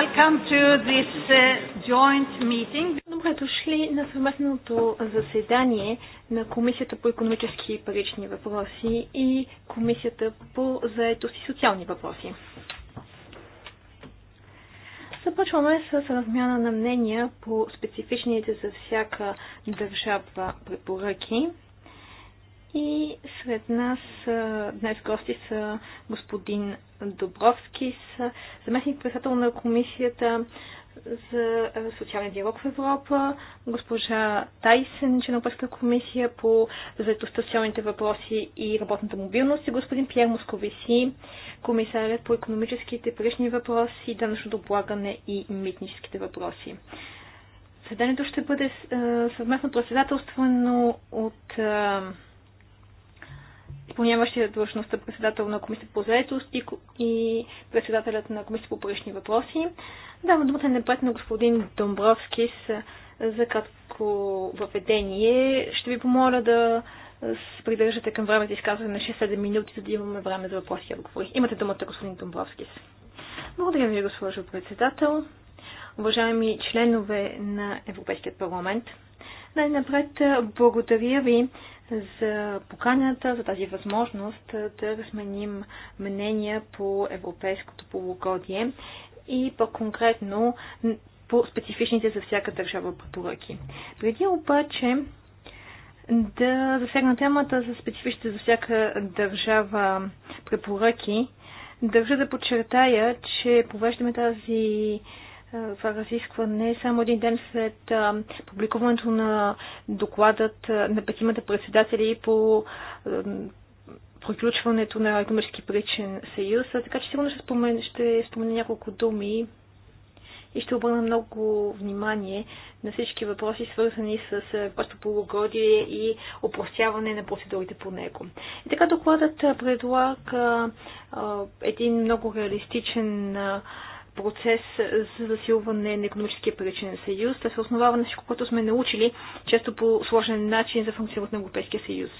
Welcome to this uh, joint meeting. Добре дошли на съвместното заседание на Комисията по економически и парични въпроси и Комисията по заетост и социални въпроси. Започваме с размяна на мнения по специфичните за всяка държава препоръки. И сред нас днес гости са господин Добровски, заместник председател на комисията за социален диалог в Европа, госпожа Тайсен, член комисия по заедостта, социалните въпроси и работната мобилност и господин Пьер Московиси, комисарят по економическите парични въпроси, данъчното облагане и митническите въпроси. Съданието ще бъде съвместно председателствено от изпълняващия длъжността е председател на комисията по заедост и, и председателят на комисията по парични въпроси. Давам думата напред на господин Домбровски с, за кратко въведение. Ще ви помоля да се придържате към времето изказване на 6-7 минути, за да имаме време за въпроси и отговори. Имате думата, господин Домбровски. Благодаря ви, госпожо председател. Уважаеми членове на Европейският парламент, най-напред благодаря ви за поканата, за тази възможност да разменим мнения по европейското полугодие и по-конкретно по специфичните за всяка държава препоръки. Преди обаче да засегна темата за специфичните за всяка държава препоръки, държа да подчертая, че провеждаме тази това разискване само един ден след публикуването на докладът на петимата председатели по приключването на економически причен съюз. Така че сигурно ще спомена, ще спомена няколко думи и ще обърна много внимание на всички въпроси, свързани с просто полугодие и опростяване на процедурите по него. И така докладът предлага един много реалистичен процес за засилване на економическия паричен съюз. Това се основава на всичко, което сме научили, често по сложен начин за функционирането на Европейския съюз.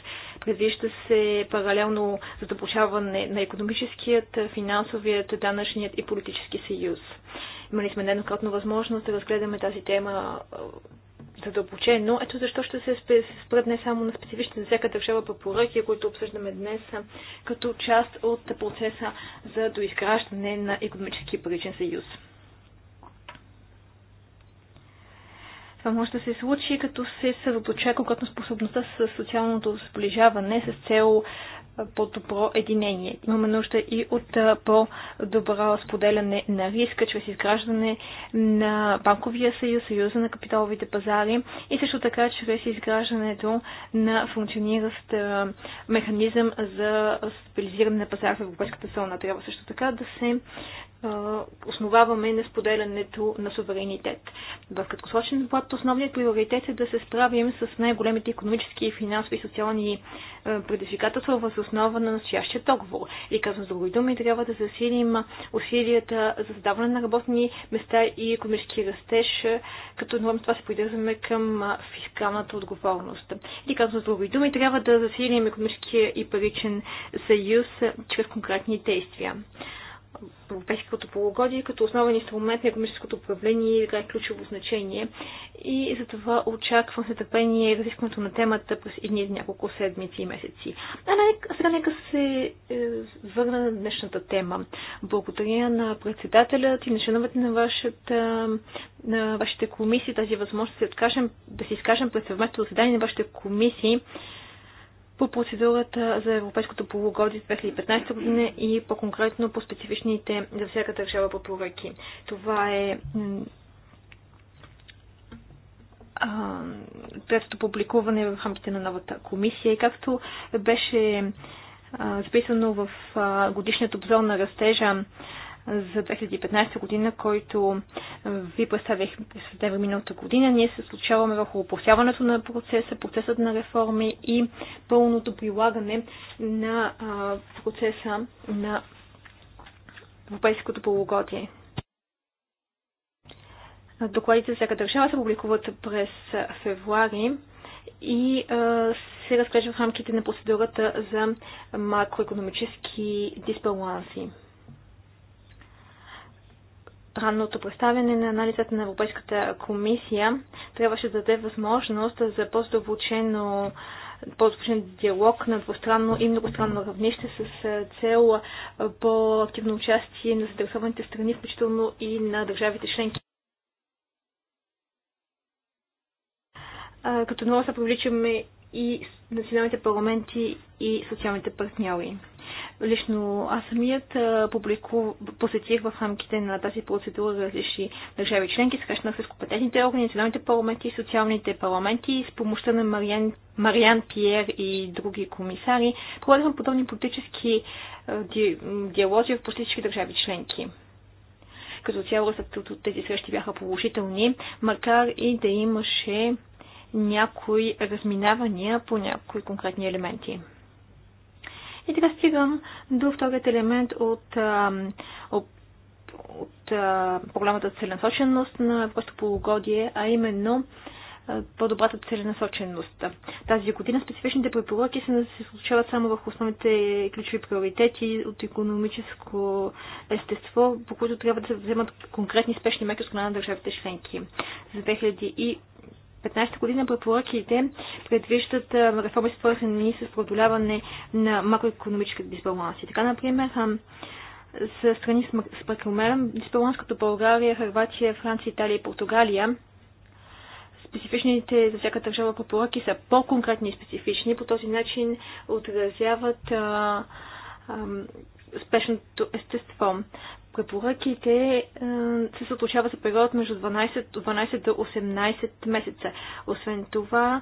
Предвижда се паралелно задълбочаване на економическият, финансовият, данъчният и политически съюз. Имали сме неднократно възможност да разгледаме тази тема задълбочено. Ето защо ще се спра не само на специфичните за всяка държава препоръки, които обсъждаме днес, като част от процеса за доизграждане на економически паричен съюз. Това може да се случи, като се съсредоточа конкретно способността с социалното сближаване с цел по-добро единение. Имаме нужда и от по-добро споделяне на риска чрез изграждане на банковия съюз, съюза на капиталовите пазари и също така чрез изграждането на функциониращ механизъм за стабилизиране на пазара в Европейската зона. Трябва също така да се основаваме на споделянето на суверенитет. В краткосрочен плат основният приоритет е да се справим с най-големите економически, финансови и социални предизвикателства въз основа на настоящия договор. И казвам с други думи, трябва да засилим усилията за създаване на работни места и економически растеж, като едновременно това се придържаме към фискалната отговорност. И казвам с други думи, трябва да засилим економическия и паричен съюз чрез конкретни действия европейското полугодие като основен инструмент на економическото управление играе ключово значение и затова очаквам с нетърпение разискването на темата през едни няколко седмици и месеци. А сега нека се е, върна на днешната тема. Благодаря на председателят и на членовете на, вашата, на вашите комисии тази възможност да се, откажем, да се изкажем пред съвместното заседание на вашите комисии по процедурата за Европейското полугодие 2015 година и по-конкретно по специфичните за всяка държава по поръки. Това е третото публикуване в рамките на новата комисия и както беше записано в годишният обзор на растежа за 2015 година, който ви представих през септември миналата година. Ние се случаваме върху опосяването на процеса, процесът на реформи и пълното прилагане на процеса на европейското полугодие. Докладите за всяка държава се публикуват през февруари и се разглежда в рамките на процедурата за макроекономически дисбаланси ранното представяне на анализът на Европейската комисия трябваше да даде възможност за по-задълбочено по-успешен диалог на двустранно и многостранно равнище с цел по-активно участие на заинтересованите страни, включително и на държавите членки. Като много се привличаме и националните парламенти и социалните партньори. Лично аз самият публику, посетих в рамките на тази процедура различни държави членки, срещнах с компетентните органи, националните парламенти и социалните парламенти с помощта на Мариан, Мариан Пиер и други комисари. Проведохме подобни политически ди, диалози в почти всички държави членки. Като цяло резултатите от тези срещи бяха положителни, макар и да имаше някои разминавания по някои конкретни елементи. И така стигам до вторият елемент от, от, от програмата целенасоченост на просто полугодие, а именно по-добрата целенасоченост. Тази година специфичните препоръки се, случават само върху основните ключови приоритети от економическо естество, по които трябва да се вземат конкретни спешни мерки от страна на държавите членки. За 2000 и 2015 година препоръките предвиждат реформи, свързани с продоляване на макроекономическите дисбаланси. Така, например, с страни с прекомерен дисбаланс, като България, Харватия, Франция, Италия и Португалия, специфичните за всяка държава препоръки са по-конкретни и специфични. По този начин отразяват а, а, спешното естество препоръките е, се съотлучава за период между 12, 12 до 18 месеца. Освен това,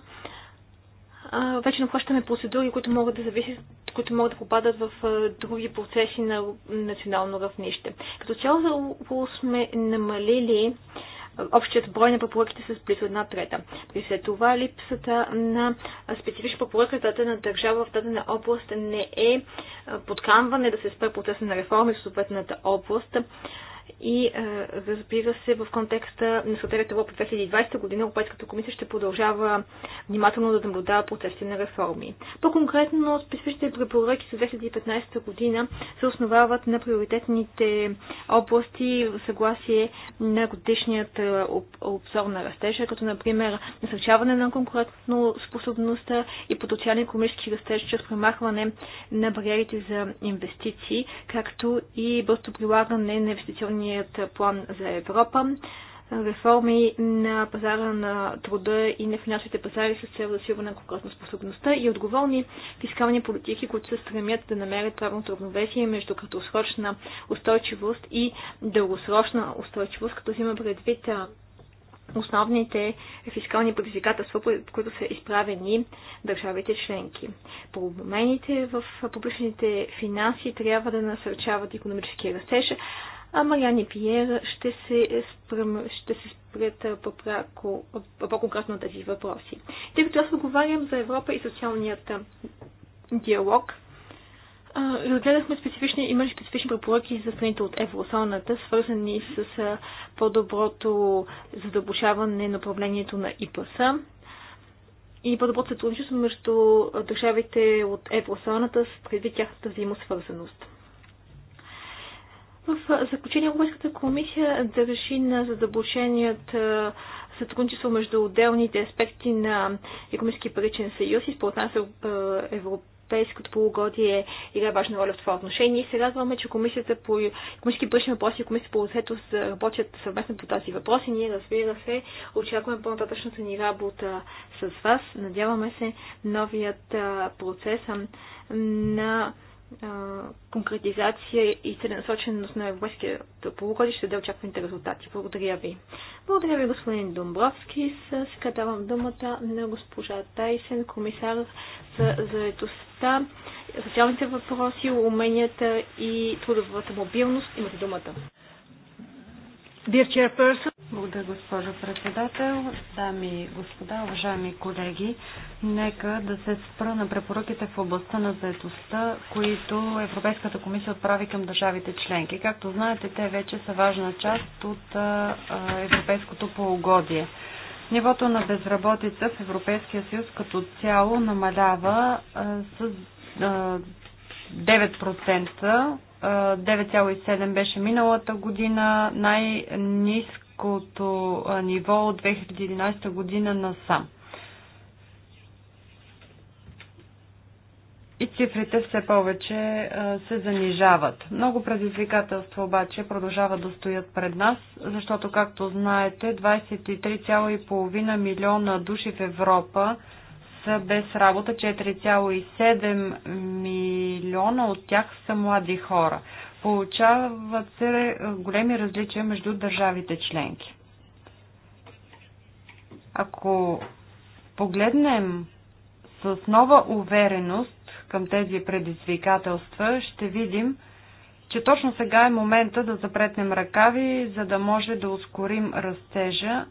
е, вече наплащаме процедури, които могат да зависят, които могат да попадат в е, други процеси на национално равнище. Като цяло сме намалили общият брой на препоръките с близо една трета. При след това липсата на специфична препоръка на държава в дадена област не е подканване да се спре процеса на реформи в съответната област, и е, разбира се в контекста на Съответната Европа 2020 година Европейската комисия ще продължава внимателно да наблюдава процесите на реформи. По-конкретно специфичните препоръки за 2015 година се основават на приоритетните области в съгласие на годишният е, обзор на растежа, като например насърчаване на конкурентно способността и потенциален економически растеж чрез премахване на бариерите за инвестиции, както и бързо прилагане на инвестиционни инвестиционният план за Европа, реформи на пазара на труда и на финансовите пазари с цел засилване на конкурентоспособността и отговорни фискални политики, които се стремят да намерят правилното равновесие между краткосрочна устойчивост и дългосрочна устойчивост, като взима предвид основните фискални предизвикателства, пред които са изправени държавите членки. Промените в публичните финанси трябва да насърчават економически растеж, а Мариан и Пиер ще се, спрем, ще се спрят по-конкретно на тези въпроси. Тъй като аз отговарям за Европа и социалният диалог, разгледахме специфични, имаме специфични препоръки за страните от еврозоната, свързани с по-доброто задълбочаване на управлението на ИПС и по-доброто сътрудничество между държавите от еврозоната с предвид тяхната взаимосвързаност. В заключение Европейската комисия държи на задълбоченият сътрудничество между отделните аспекти на економически паричен съюз и според нас европейското полугодие играе важна роля в това отношение. И се радваме, че комисията по економически пръчни въпроси и комисията по заетост работят съвместно по тази въпрос и ние, разбира се, очакваме по-нататъчната ни работа с вас. Надяваме се новият процес на конкретизация и целенасоченост на европейското полугодище да очакваните резултати. Благодаря ви. Благодаря ви, господин Домбровски. Сега давам думата на госпожа Тайсен, комисар за заедостта, социалните въпроси, уменията и трудовата мобилност. Имате думата. Dear chairperson. Благодаря, госпожо председател. Дами и господа, уважаеми колеги, нека да се спра на препоръките в областта на заедостта, които Европейската комисия отправи към държавите членки. Както знаете, те вече са важна част от европейското полугодие. Нивото на безработица в Европейския съюз като цяло намалява с 9% 9,7 беше миналата година, най-низкото ниво от 2011 година насам. и цифрите все повече се занижават. Много предизвикателства обаче продължават да стоят пред нас, защото, както знаете, 23,5 милиона души в Европа са без работа 4,7 милиона, от тях са млади хора. Получават се големи различия между държавите членки. Ако погледнем с нова увереност към тези предизвикателства, ще видим, че точно сега е момента да запретнем ръкави, за да може да ускорим растежа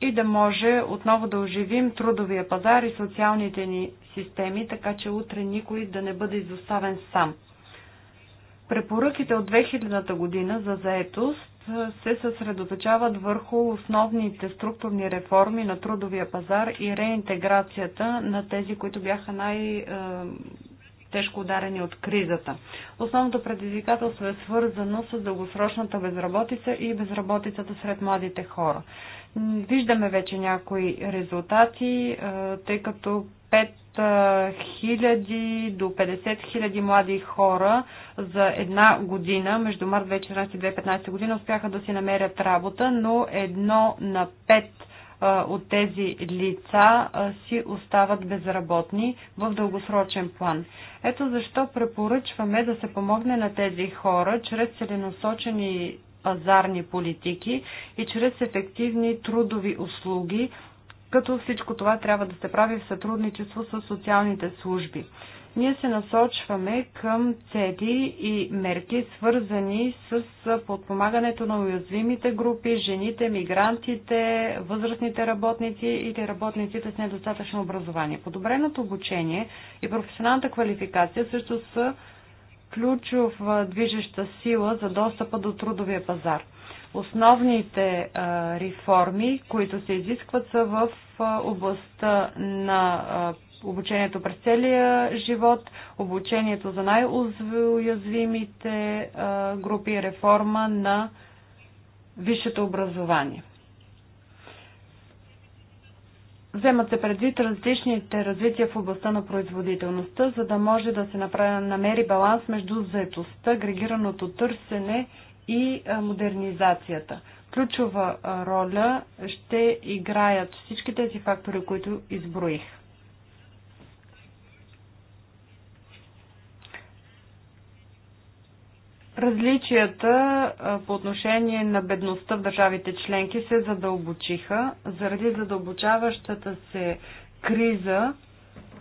и да може отново да оживим трудовия пазар и социалните ни системи, така че утре никой да не бъде изоставен сам. Препоръките от 2000-та година за заетост се съсредоточават върху основните структурни реформи на трудовия пазар и реинтеграцията на тези, които бяха най- тежко ударени от кризата. Основното предизвикателство е свързано с дългосрочната безработица и безработицата сред младите хора. Виждаме вече някои резултати, тъй като 5000 до 50 000 млади хора за една година, между март 2014 и 2015 година, успяха да си намерят работа, но едно на пет от тези лица си остават безработни в дългосрочен план. Ето защо препоръчваме да се помогне на тези хора чрез целенасочени пазарни политики и чрез ефективни трудови услуги, като всичко това трябва да се прави в сътрудничество с социалните служби. Ние се насочваме към цели и мерки, свързани с подпомагането на уязвимите групи, жените, мигрантите, възрастните работници или работниците с недостатъчно образование. Подобреното обучение и професионалната квалификация също са ключов движеща сила за достъпа до трудовия пазар. Основните реформи, които се изискват, са в областта на обучението през целия живот, обучението за най-уязвимите групи, реформа на висшето образование. Вземат се предвид различните развития в областта на производителността, за да може да се направи, намери баланс между заетостта, агрегираното търсене и модернизацията. Ключова роля ще играят всички тези фактори, които изброих. Различията по отношение на бедността в държавите членки се задълбочиха заради задълбочаващата се криза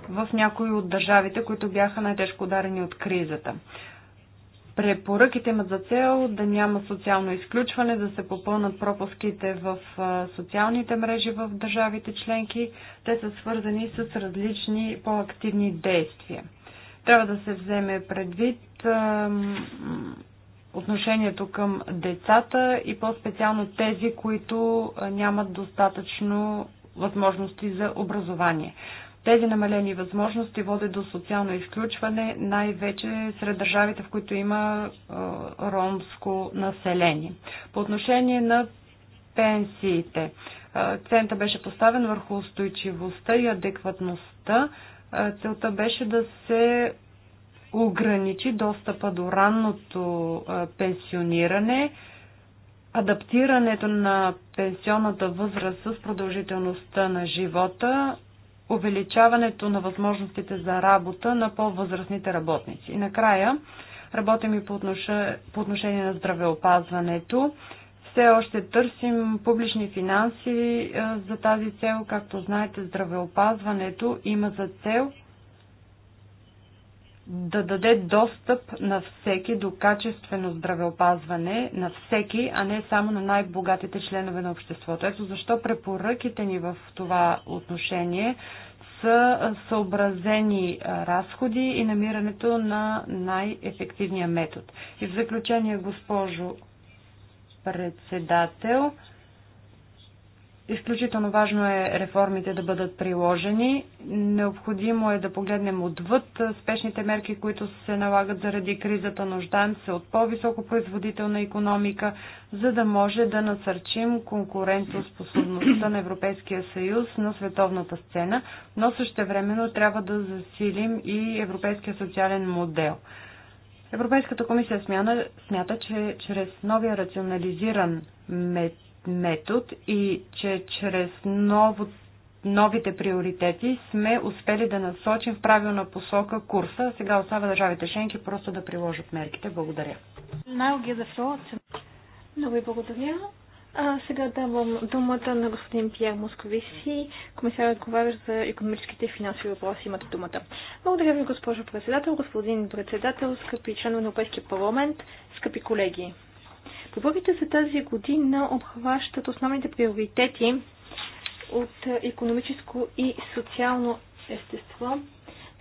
в някои от държавите, които бяха най-тежко ударени от кризата. Препоръките имат за цел да няма социално изключване, да се попълнат пропуските в социалните мрежи в държавите членки. Те са свързани с различни по-активни действия. Трябва да се вземе предвид отношението към децата и по-специално тези, които нямат достатъчно възможности за образование. Тези намалени възможности водят до социално изключване, най-вече сред държавите, в които има ромско население. По отношение на пенсиите, акцента беше поставен върху устойчивостта и адекватността целта беше да се ограничи достъпа до ранното пенсиониране, адаптирането на пенсионната възраст с продължителността на живота, увеличаването на възможностите за работа на по-възрастните работници. И накрая работим и по отношение на здравеопазването. Все още търсим публични финанси за тази цел. Както знаете, здравеопазването има за цел да даде достъп на всеки до качествено здравеопазване, на всеки, а не само на най-богатите членове на обществото. Ето защо препоръките ни в това отношение са съобразени разходи и намирането на най-ефективния метод. И в заключение, госпожо председател. Изключително важно е реформите да бъдат приложени. Необходимо е да погледнем отвъд спешните мерки, които се налагат заради кризата. Нуждаем се от по-високо производителна економика, за да може да насърчим конкурентоспособността на Европейския съюз на световната сцена, но също времено трябва да засилим и европейския социален модел. Европейската комисия смяна, смята, че чрез новия рационализиран метод и че чрез ново, новите приоритети сме успели да насочим в правилна посока курса. Сега остава държавите шенки просто да приложат мерките. Благодаря. Много ви благодаря. А сега давам думата на господин Пьер Московиси, комисар отговарящ за економическите и финансови въпроси. Имате думата. Благодаря ви, госпожо председател, господин председател, скъпи членове на Европейския парламент, скъпи колеги. Поборите за тази година обхващат основните приоритети от економическо и социално естество,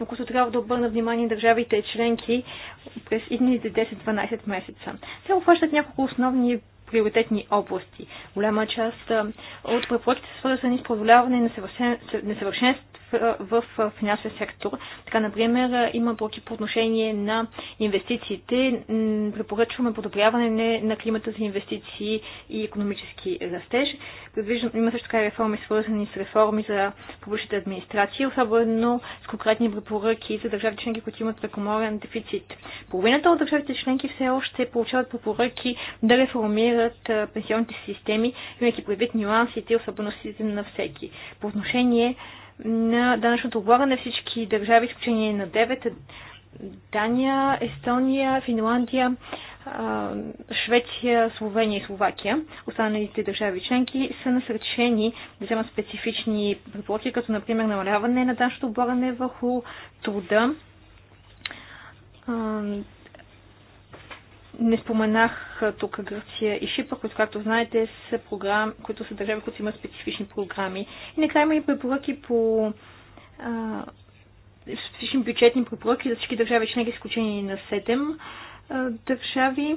на които трябва да обърна внимание държавите и членки през идните 10-12 месеца. Те обхващат няколко основни приоритетни области. Голяма част от препоръките са свързани с позволяване на несъвършенството в финансовия сектор. Така, например, има блоки по отношение на инвестициите. Препоръчваме подобряване на климата за инвестиции и економически растеж. има също така реформи, свързани с реформи за публичните администрации, особено с конкретни препоръки за държавите членки, които имат прекоморен дефицит. Половината от държавите членки все още получават препоръки да реформират пенсионните системи, имайки предвид нюансите, особеностите на всеки. По отношение на данъчното облагане всички държави, изключение на 9, Дания, Естония, Финландия, Швеция, Словения и Словакия. Останалите държави членки са насречени да вземат специфични предплати, като например намаляване на данъчното облагане върху труда, не споменах тук Гърция и Шипър, които, както знаете, са програм, които са държави, които имат специфични програми. И накрая има и препоръки по а, специфични бюджетни препоръки за всички държави членки, изключение на 7 а, държави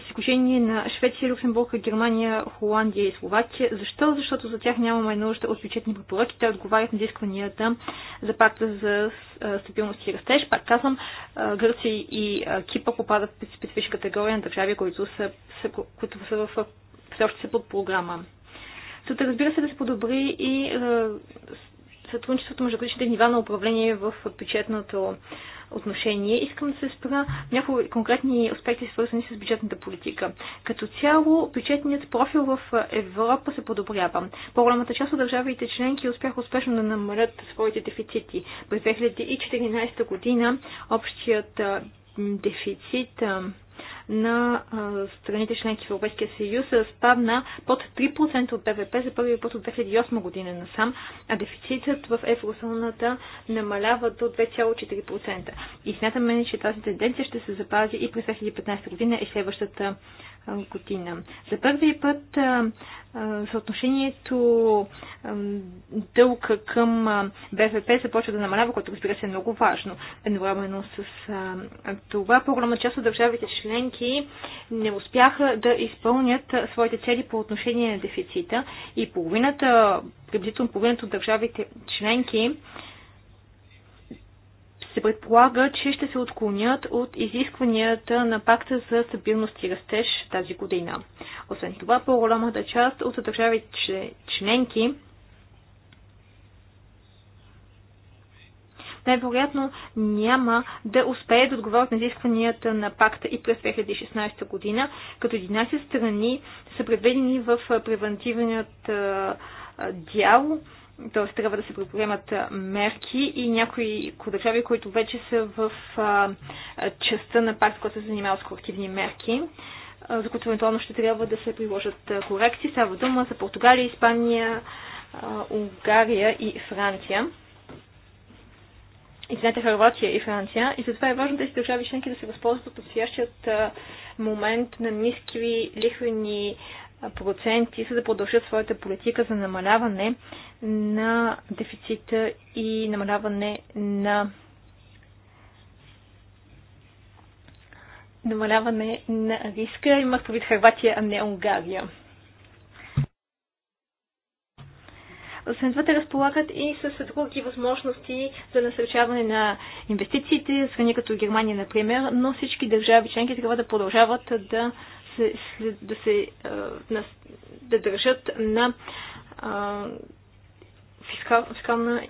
с изключение на Швеция, Люксембург, Германия, Холандия и Словакия. Защо? Защото за тях нямаме нужда от бюджетни препоръки. Те отговарят на изискванията за пакта за стабилност и растеж. Пак казвам, Гърция и Кипа попадат в специфична категория на държави, които са, са, които са в все още са под програма. Тук разбира се, е да се подобри и сътрудничеството между различните нива на управление в бюджетното отношение. Искам да се спра някои конкретни аспекти, свързани с бюджетната политика. Като цяло, бюджетният профил в Европа се подобрява. По-голямата част от държавите членки успяха успешно да намалят своите дефицити. През 2014 година общият Дефицит на страните членки в Европейския съюз спадна под 3% от БВП за първи път от 2008 година насам, а дефицитът в еврозоната намалява до 2,4%. И смятаме, че тази тенденция ще се запази и през 2015 година и е следващата година. За първи път съотношението дълг към БФП започва да намалява, което разбира се е много важно. Едновременно с това по-голяма част от държавите членки не успяха да изпълнят своите цели по отношение на дефицита и половината, приблизително половината от държавите членки се предполага, че ще се отклонят от изискванията на пакта за стабилност и растеж тази година. Освен това, по-голямата част от държавите членки най-вероятно няма да успее да отговорят на изискванията на пакта и през 2016 година, като 11 страни са предведени в превентивният дял т.е. трябва да се предприемат мерки и някои държави, които вече са в частта на пакт, който се занимава с колективни мерки, за които евентуално ще трябва да се приложат корекции. Става дума за Португалия, Испания, Унгария и Франция. Извинете, Харватия и Франция. И затова е важно тези държави членки да се възползват от настоящият момент на ниски лихвени проценти, за да продължат своята политика за намаляване на дефицита и намаляване на намаляване на риска. Имах правит Харватия, а не Унгария. Освен това, те разполагат и с други възможности за насърчаване на инвестициите, страни като Германия, например, но всички държави членки трябва да продължават да се, да се да държат на а, фискал, фискална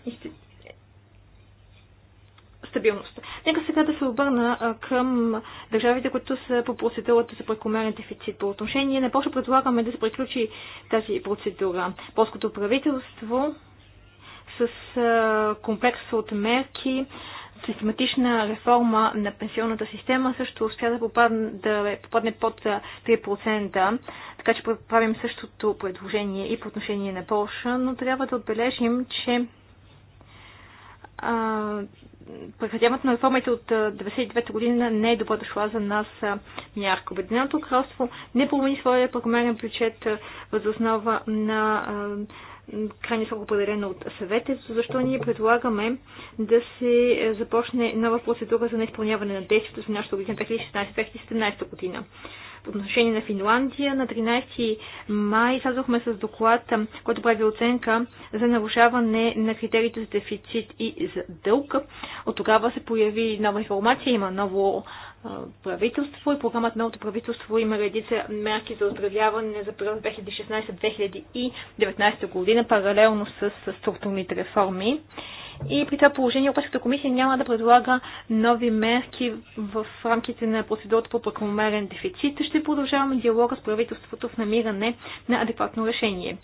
стабилност. Нека сега да се обърна към държавите, които са по процедурата за прекомерен дефицит. По отношение на Польша предлагаме да се приключи тази процедура. Полското правителство с комплекс от мерки систематична реформа на пенсионната система също успя да попадне, да попадне под 3%, така че правим същото предложение и по отношение на Польша, но трябва да отбележим, че прекратяването на реформите от 1999 година не е добре дошла за нас мярка. Обединеното кралство не промени своя прекомерен бюджет възоснова на а, крайни срок определен от съвете, защо ние предлагаме да се започне нова процедура за неизпълняване на действието за нашата година 2016-2017 година. По отношение на Финландия, на 13 май излязохме с доклад, който прави оценка за нарушаване на критериите за дефицит и за дълг. От тогава се появи нова информация, има ново правителство и програмата новото правителство има редица мерки за оздравяване за период 2016-2019 година, паралелно с структурните реформи. И при това положение Европейската комисия няма да предлага нови мерки в рамките на процедурата по прекомерен дефицит. Ще продължаваме диалога с правителството в намиране на адекватно решение.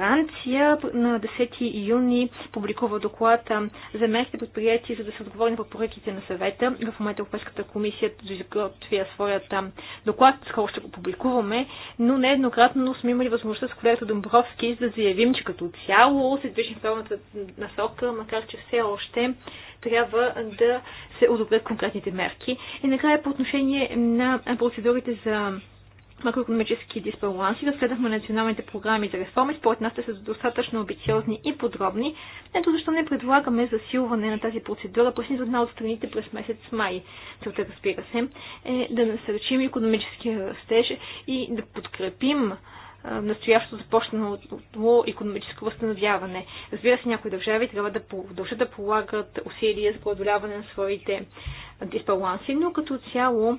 Франция на 10 юни публикува доклад за мерките предприятия, за да се отговори на препоръките на съвета. В момента Европейската комисия изготвя своят доклад, скоро ще го публикуваме, но нееднократно сме имали възможността с колегата Домбровски да заявим, че като цяло се движим в правилната насока, макар че все още трябва да се одобрят конкретните мерки. И накрая по отношение на процедурите за макроекономически дисбаланси, разгледахме националните програми за реформи, според нас те са достатъчно амбициозни и подробни. Ето защо не предлагаме засилване на тази процедура, поясни за една от страните през месец май. Целта, разбира се, е да насърчим економическия растеж и да подкрепим настоящо започнало економическо възстановяване. Разбира се, някои държави трябва да продължат да полагат усилия за преодоляване на своите дисбаланси, но като цяло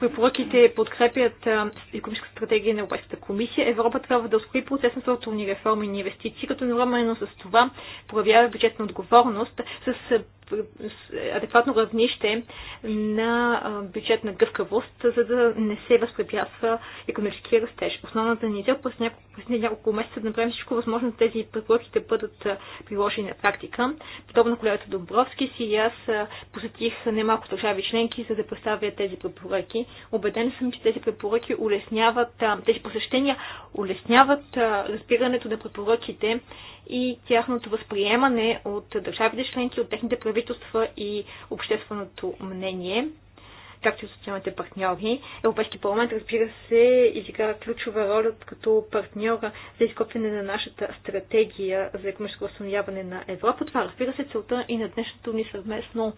препоръките подкрепят економическа стратегия на Европейската комисия. Европа трябва да ускори процес на структурни реформи и инвестиции, като едновременно с това проявява бюджетна отговорност с адекватно равнище на бюджетна гъвкавост, за да не се възпрепятства економическия растеж. Основната ни цел през няколко, няколко месеца е да направим всичко възможно тези препоръки да бъдат приложени на практика. Подобно колегата Добровски си и аз посетих немалко държави членки, за да представя тези препоръки. Обеден съм, че тези препоръки улесняват, тези посещения улесняват разбирането на препоръките и тяхното възприемане от държавите членки, от техните правителства правителства и общественото мнение, както и социалните партньори. Европейски парламент, разбира се, изигра ключова роля като партньора за изкопване на нашата стратегия за економическо възстановяване на Европа. Това, разбира се, целта и на днешното ни съвместно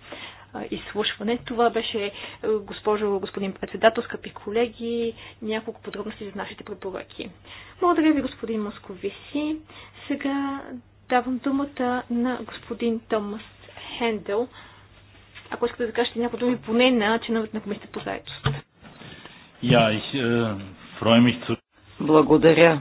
изслушване. Това беше, госпожо, господин председател, скъпи колеги, няколко подробности за нашите препоръки. Благодаря ви, господин Московиси. Сега давам думата на господин Томас Хендел. Ако искате да кажете някои думи, поне на чиновете на комисията по заедост. Я, yeah, е, Благодаря.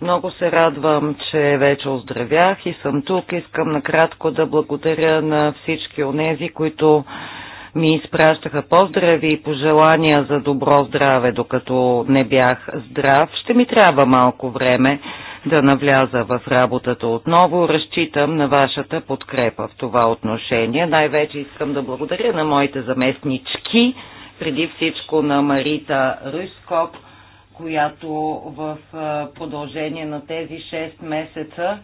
Много се радвам, че вече оздравях и съм тук. Искам накратко да благодаря на всички онези, които ми изпращаха поздрави и пожелания за добро здраве, докато не бях здрав. Ще ми трябва малко време, да навляза в работата отново. Разчитам на вашата подкрепа в това отношение. Най-вече искам да благодаря на моите заместнички, преди всичко на Марита Рускоп, която в продължение на тези 6 месеца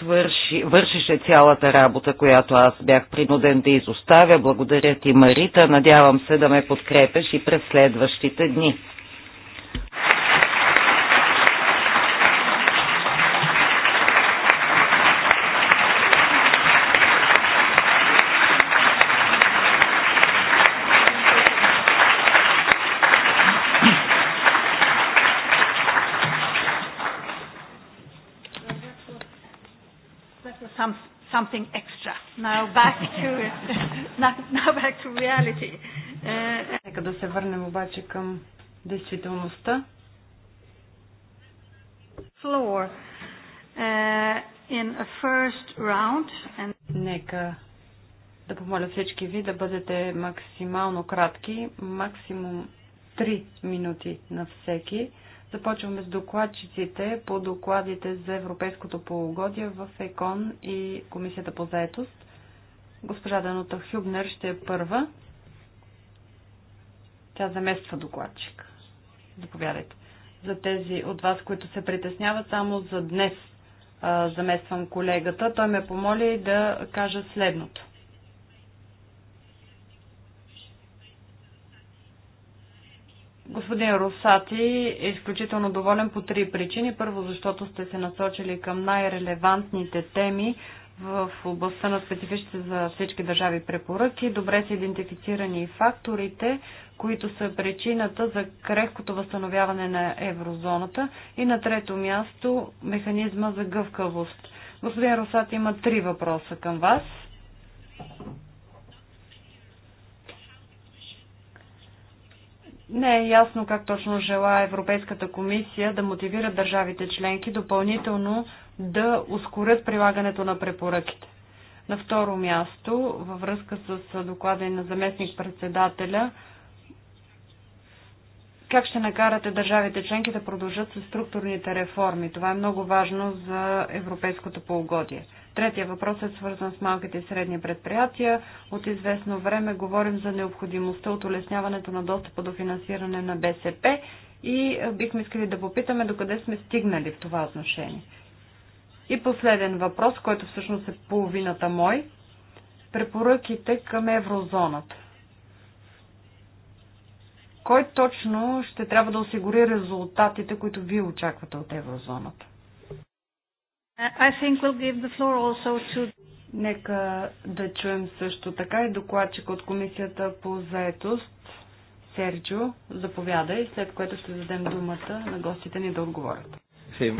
свърши, вършише цялата работа, която аз бях принуден да изоставя. Благодаря ти, Марита. Надявам се да ме подкрепеш и през следващите дни. now back to, now back to reality. Uh, Нека да се върнем обаче към действителността. Floor, uh, in a first round and... Нека да помоля всички ви да бъдете максимално кратки, максимум 3 минути на всеки. Започваме с докладчиците по докладите за Европейското полугодие в ЕКОН и Комисията по заетост. Госпожа Данута Хюбнер ще е първа. Тя замества докладчик. Заповядайте. За тези от вас, които се притесняват, само за днес а, замествам колегата. Той ме помоли да кажа следното. Господин Русати е изключително доволен по три причини. Първо, защото сте се насочили към най-релевантните теми, в областта на специфичните за всички държави препоръки. Добре са идентифицирани и факторите, които са причината за крехкото възстановяване на еврозоната. И на трето място механизма за гъвкавост. Господин Росат има три въпроса към вас. Не е ясно как точно желая Европейската комисия да мотивира държавите членки допълнително да ускорят прилагането на препоръките. На второ място, във връзка с доклада и на заместник-председателя, как ще накарате държавите членки да продължат с структурните реформи? Това е много важно за европейското полугодие. Третия въпрос е свързан с малките и средни предприятия. От известно време говорим за необходимостта от улесняването на достъпа до финансиране на БСП и бихме искали да попитаме докъде сме стигнали в това отношение. И последен въпрос, който всъщност е половината мой. Препоръките към еврозоната. Кой точно ще трябва да осигури резултатите, които вие очаквате от еврозоната? I think we'll give the floor also to... Нека да чуем също така и докладчик от Комисията по заетост. Серджо, заповядай, след което ще дадем думата на гостите ни да отговорят. Sí.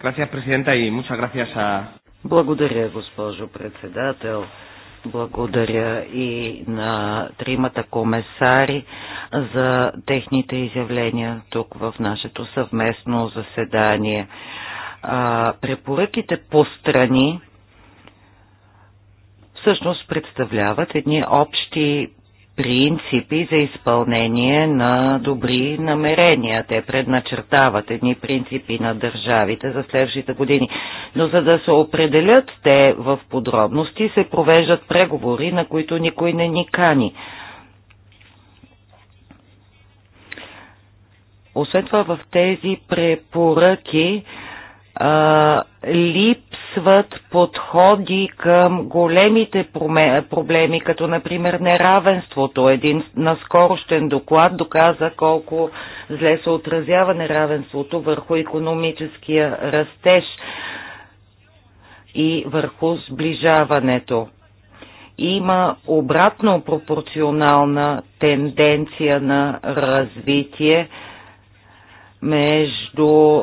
Gracias, Presidenta, и muchas gracias a... Благодаря, госпожо председател. Благодаря и на тримата комесари за техните изявления тук в нашето съвместно заседание. А, препоръките по страни всъщност представляват едни общи принципи за изпълнение на добри намерения. Те предначертават едни принципи на държавите за следващите години. Но за да се определят те в подробности, се провеждат преговори, на които никой не ни кани. Освен това в тези препоръки а, лип липсват подходи към големите проблеми, като например неравенството. Един наскорощен доклад доказа колко зле се отразява неравенството върху економическия растеж и върху сближаването. Има обратно пропорционална тенденция на развитие между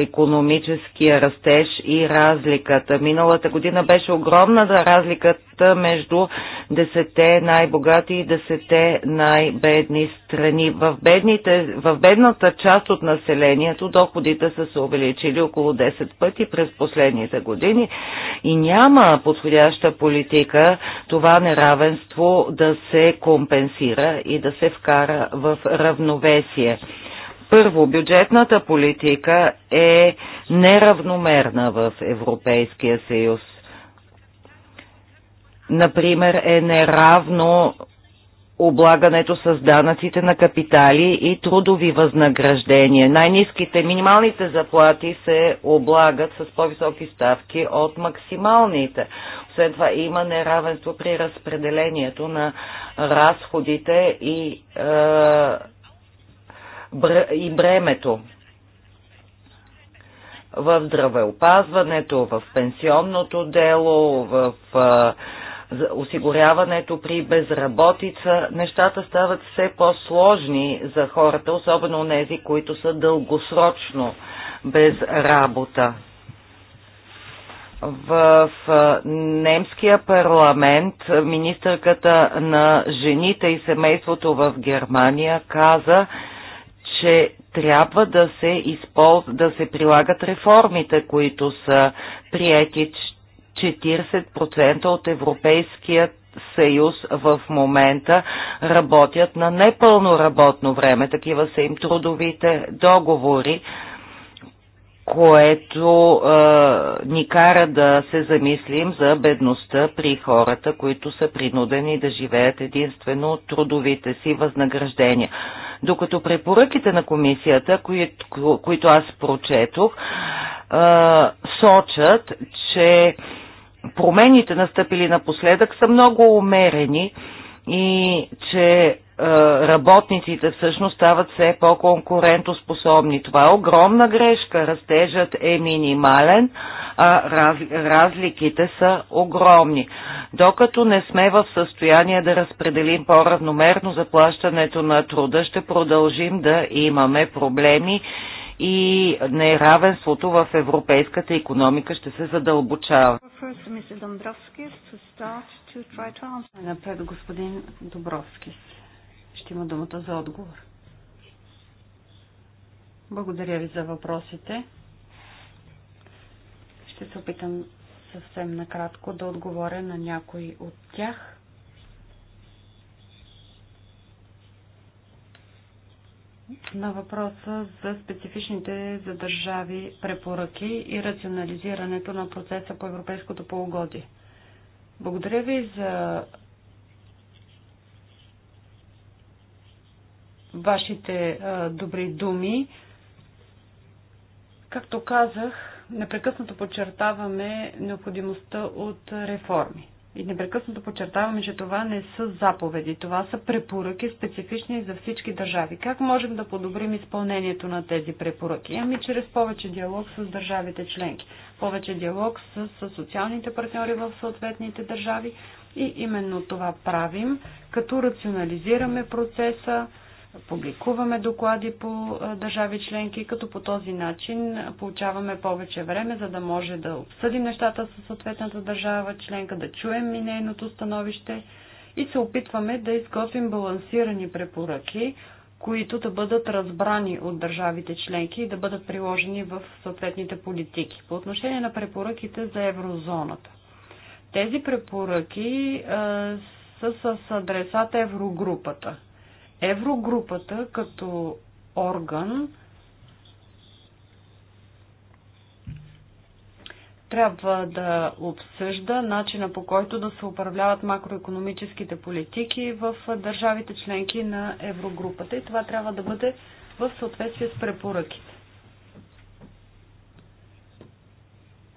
економическия растеж и разликата. Миналата година беше огромна да разликата между 10 най-богати и 10 най-бедни страни. В, бедните, в бедната част от населението доходите са се увеличили около 10 пъти през последните години и няма подходяща политика това неравенство да се компенсира и да се вкара в равновесие. Първо, бюджетната политика е неравномерна в Европейския съюз. Например, е неравно облагането с данъците на капитали и трудови възнаграждения. Най-низките минималните заплати се облагат с по-високи ставки от максималните. Освен това има неравенство при разпределението на разходите и е, и бремето в здравеопазването, в пенсионното дело, в а, осигуряването при безработица, нещата стават все по-сложни за хората, особено тези, които са дългосрочно без работа. В немския парламент министърката на жените и семейството в Германия каза, че трябва да се, използ... да се прилагат реформите, които са приети 40% от Европейският съюз в момента работят на непълно работно време. Такива са им трудовите договори което е, ни кара да се замислим за бедността при хората, които са принудени да живеят единствено от трудовите си възнаграждения. Докато препоръките на комисията, които, които аз прочетох, е, сочат, че промените настъпили напоследък са много умерени и че е, работниците всъщност стават все по-конкурентоспособни. Това е огромна грешка. Растежът е минимален, а раз, разликите са огромни. Докато не сме в състояние да разпределим по-равномерно заплащането на труда, ще продължим да имаме проблеми и неравенството в европейската економика ще се задълбочава. Напред господин Добровски ще има думата за отговор. Благодаря ви за въпросите. Ще се опитам съвсем накратко да отговоря на някои от тях. На въпроса за специфичните за държави препоръки и рационализирането на процеса по европейското полугодие. Благодаря ви за вашите добри думи. Както казах, непрекъснато подчертаваме необходимостта от реформи. И непрекъснато подчертаваме, че това не са заповеди, това са препоръки, специфични за всички държави. Как можем да подобрим изпълнението на тези препоръки? Ами чрез повече диалог с държавите членки, повече диалог с, с социалните партньори в съответните държави и именно това правим, като рационализираме процеса, публикуваме доклади по държави членки, като по този начин получаваме повече време, за да може да обсъдим нещата със съответната държава членка, да чуем и нейното становище и се опитваме да изготвим балансирани препоръки, които да бъдат разбрани от държавите членки и да бъдат приложени в съответните политики. По отношение на препоръките за еврозоната. Тези препоръки а, са с адресата Еврогрупата. Еврогрупата като орган трябва да обсъжда начина по който да се управляват макроекономическите политики в държавите членки на Еврогрупата и това трябва да бъде в съответствие с препоръките.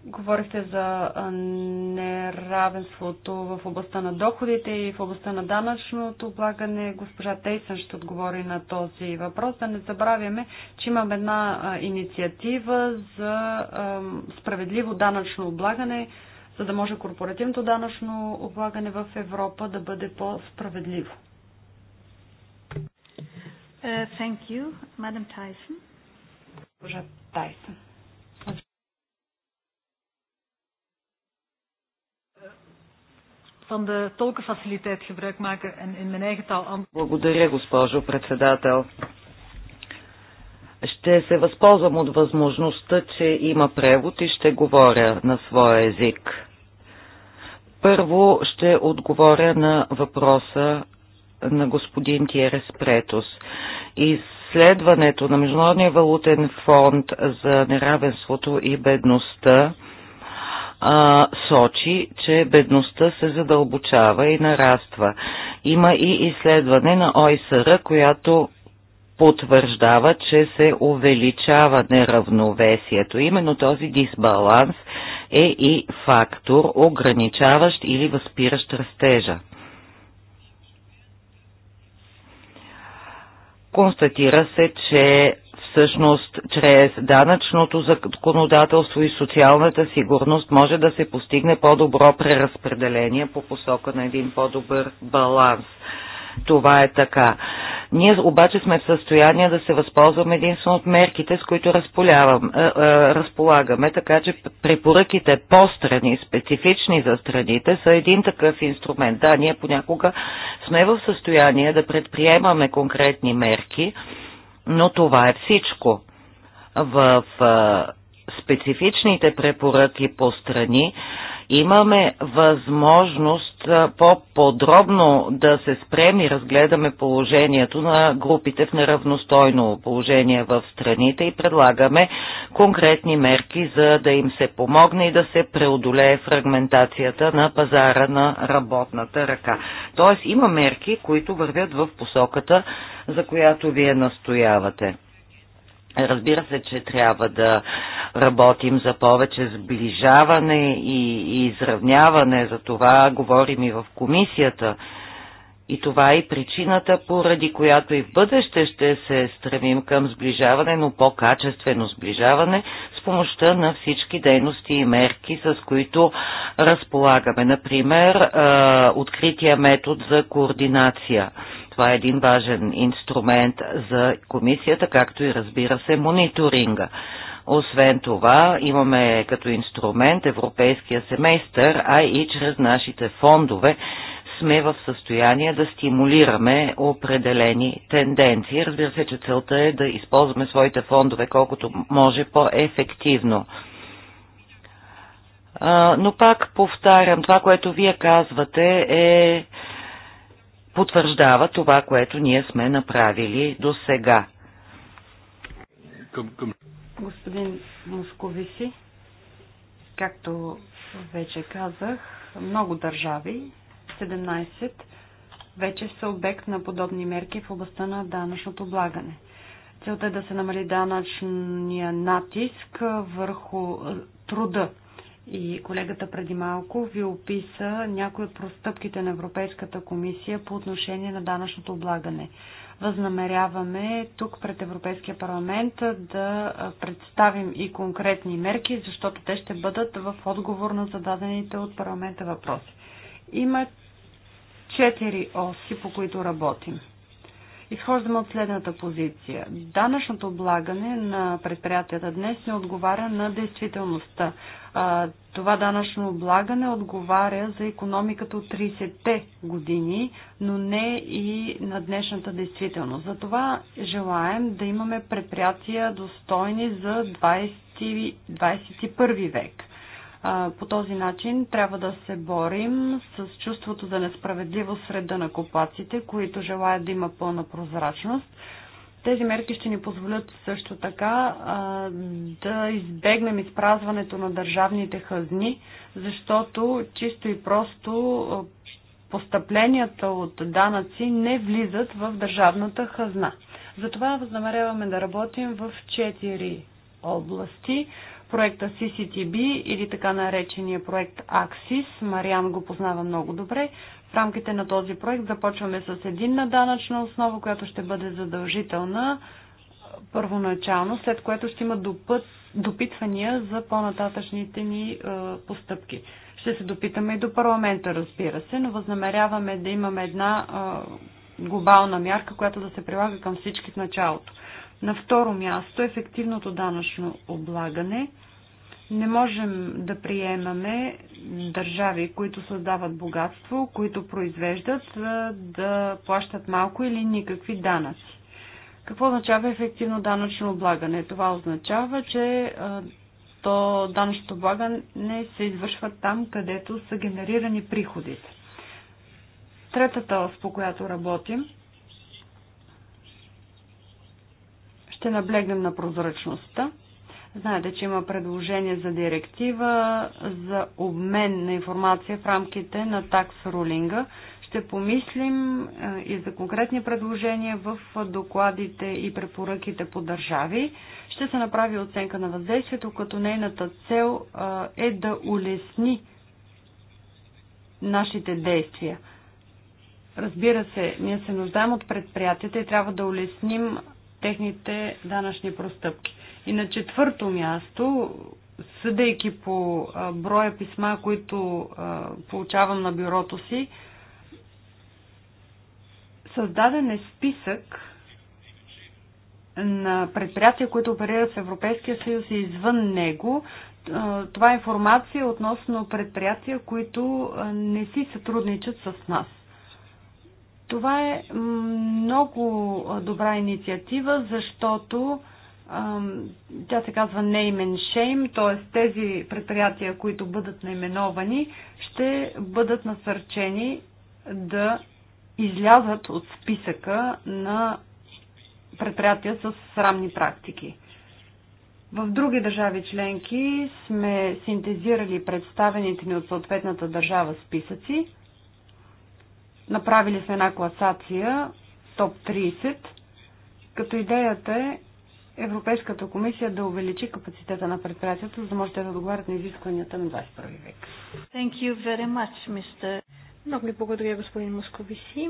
Говорихте за неравенството в областта на доходите и в областта на данъчното облагане. Госпожа Тейсън ще отговори на този въпрос. Да не забравяме, че имам една инициатива за справедливо данъчно облагане, за да може корпоративното данъчно облагане в Европа да бъде по-справедливо. Uh, thank you, Madam Tyson. Госпожа Тайсън. van de tolkenfaciliteit gebruik maken en in mijn eigen taal Благодаря, госпожо председател. Ще се възползвам от възможността, че има превод и ще говоря на своя език. Първо ще отговоря на въпроса на господин Тиерес Претос. Изследването на Международния валутен фонд за неравенството и бедността а, сочи, че бедността се задълбочава и нараства. Има и изследване на ОИСР, която потвърждава, че се увеличава неравновесието. Именно този дисбаланс е и фактор, ограничаващ или възпиращ растежа. Констатира се, че всъщност чрез данъчното законодателство и социалната сигурност може да се постигне по-добро преразпределение по посока на един по-добър баланс. Това е така. Ние обаче сме в състояние да се възползваме единствено от мерките, с които е, е, разполагаме, така че препоръките по-страни, специфични за страните, са един такъв инструмент. Да, ние понякога сме в състояние да предприемаме конкретни мерки, но това е всичко. В специфичните препоръки по страни, имаме възможност по-подробно да се спрем и разгледаме положението на групите в неравностойно положение в страните и предлагаме конкретни мерки, за да им се помогне и да се преодолее фрагментацията на пазара на работната ръка. Тоест има мерки, които вървят в посоката, за която вие настоявате. Разбира се, че трябва да работим за повече сближаване и, изравняване. За това говорим и в комисията. И това е и причината, поради която и в бъдеще ще се стремим към сближаване, но по-качествено сближаване с помощта на всички дейности и мерки, с които разполагаме. Например, открития метод за координация – това е един важен инструмент за комисията, както и разбира се мониторинга. Освен това, имаме като инструмент европейския семестър, а и чрез нашите фондове сме в състояние да стимулираме определени тенденции. Разбира се, че целта е да използваме своите фондове колкото може по-ефективно. Но пак повтарям, това, което вие казвате е потвърждава това, което ние сме направили до сега. Господин Московиси, както вече казах, много държави, 17, вече са обект на подобни мерки в областта на данъчното облагане. Целта е да се намали данъчния натиск върху е, труда и колегата преди малко ви описа някои от простъпките на Европейската комисия по отношение на данъчното облагане. Възнамеряваме тук пред Европейския парламент да представим и конкретни мерки, защото те ще бъдат в отговор на зададените от парламента въпроси. Има четири оси, по които работим. Изхождаме от следната позиция. Данъчното облагане на предприятията днес не отговаря на действителността. Това данъчно облагане отговаря за економиката от 30-те години, но не и на днешната действителност. Затова желаем да имаме предприятия достойни за 20, 21 век. По този начин трябва да се борим с чувството за несправедливост сред дънакопаците, които желаят да има пълна прозрачност. Тези мерки ще ни позволят също така а, да избегнем изпразването на държавните хазни, защото чисто и просто постъпленията от данъци не влизат в държавната хазна. Затова възнамеряваме да работим в четири области проекта CCTB или така наречения проект Аксис. Мариан го познава много добре. В рамките на този проект започваме с единна данъчна основа, която ще бъде задължителна първоначално, след което ще има допът, допитвания за по-нататъчните ни е, постъпки. Ще се допитаме и до парламента, разбира се, но възнамеряваме да имаме една е, глобална мярка, която да се прилага към всички в началото. На второ място, ефективното данъчно облагане. Не можем да приемаме държави, които създават богатство, които произвеждат, да плащат малко или никакви данъци. Какво означава ефективно данъчно облагане? Това означава, че то данъчното облагане се извършва там, където са генерирани приходите. Третата ос, по която работим, Ще наблегнем на прозрачността. Знаете, че има предложение за директива за обмен на информация в рамките на такс рулинга. Ще помислим е, и за конкретни предложения в докладите и препоръките по държави. Ще се направи оценка на въздействието, като нейната цел е, е да улесни нашите действия. Разбира се, ние се нуждаем от предприятията и трябва да улесним техните данъчни простъпки. И на четвърто място, съдейки по броя писма, които получавам на бюрото си, създаден е списък на предприятия, които оперират в Европейския съюз и извън него. Това е информация относно предприятия, които не си сътрудничат с нас. Това е много добра инициатива, защото тя се казва name and shame, т.е. тези предприятия, които бъдат наименовани, ще бъдат насърчени да излязат от списъка на предприятия с срамни практики. В други държави членки сме синтезирали представените ни от съответната държава списъци – Направили сме една класация, топ 30, като идеята е Европейската комисия да увеличи капацитета на предприятията, за да можете да отговарят на изискванията на 21 век. Thank you very much, Mr. Много ви благодаря, господин Московиси.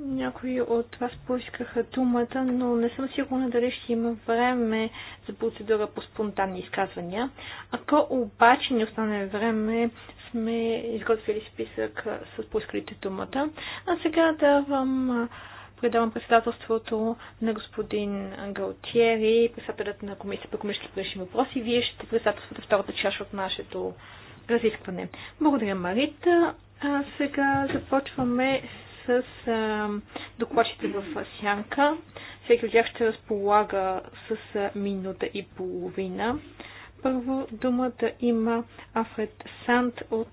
Някои от вас поискаха думата, но не съм сигурна дали ще има време за процедура по спонтанни изказвания. Ако обаче не остане време, сме изготвили списък с поискалите думата. А сега давам предавам председателството на господин Галтиери, председателят на Комисията по по прилични въпроси. Вие ще председателствате втората част от нашето разискване. Благодаря, Марита. А сега започваме с с докладчите в сянка. Всеки от тях ще разполага с минута и половина. Първо думата има Афред Санд от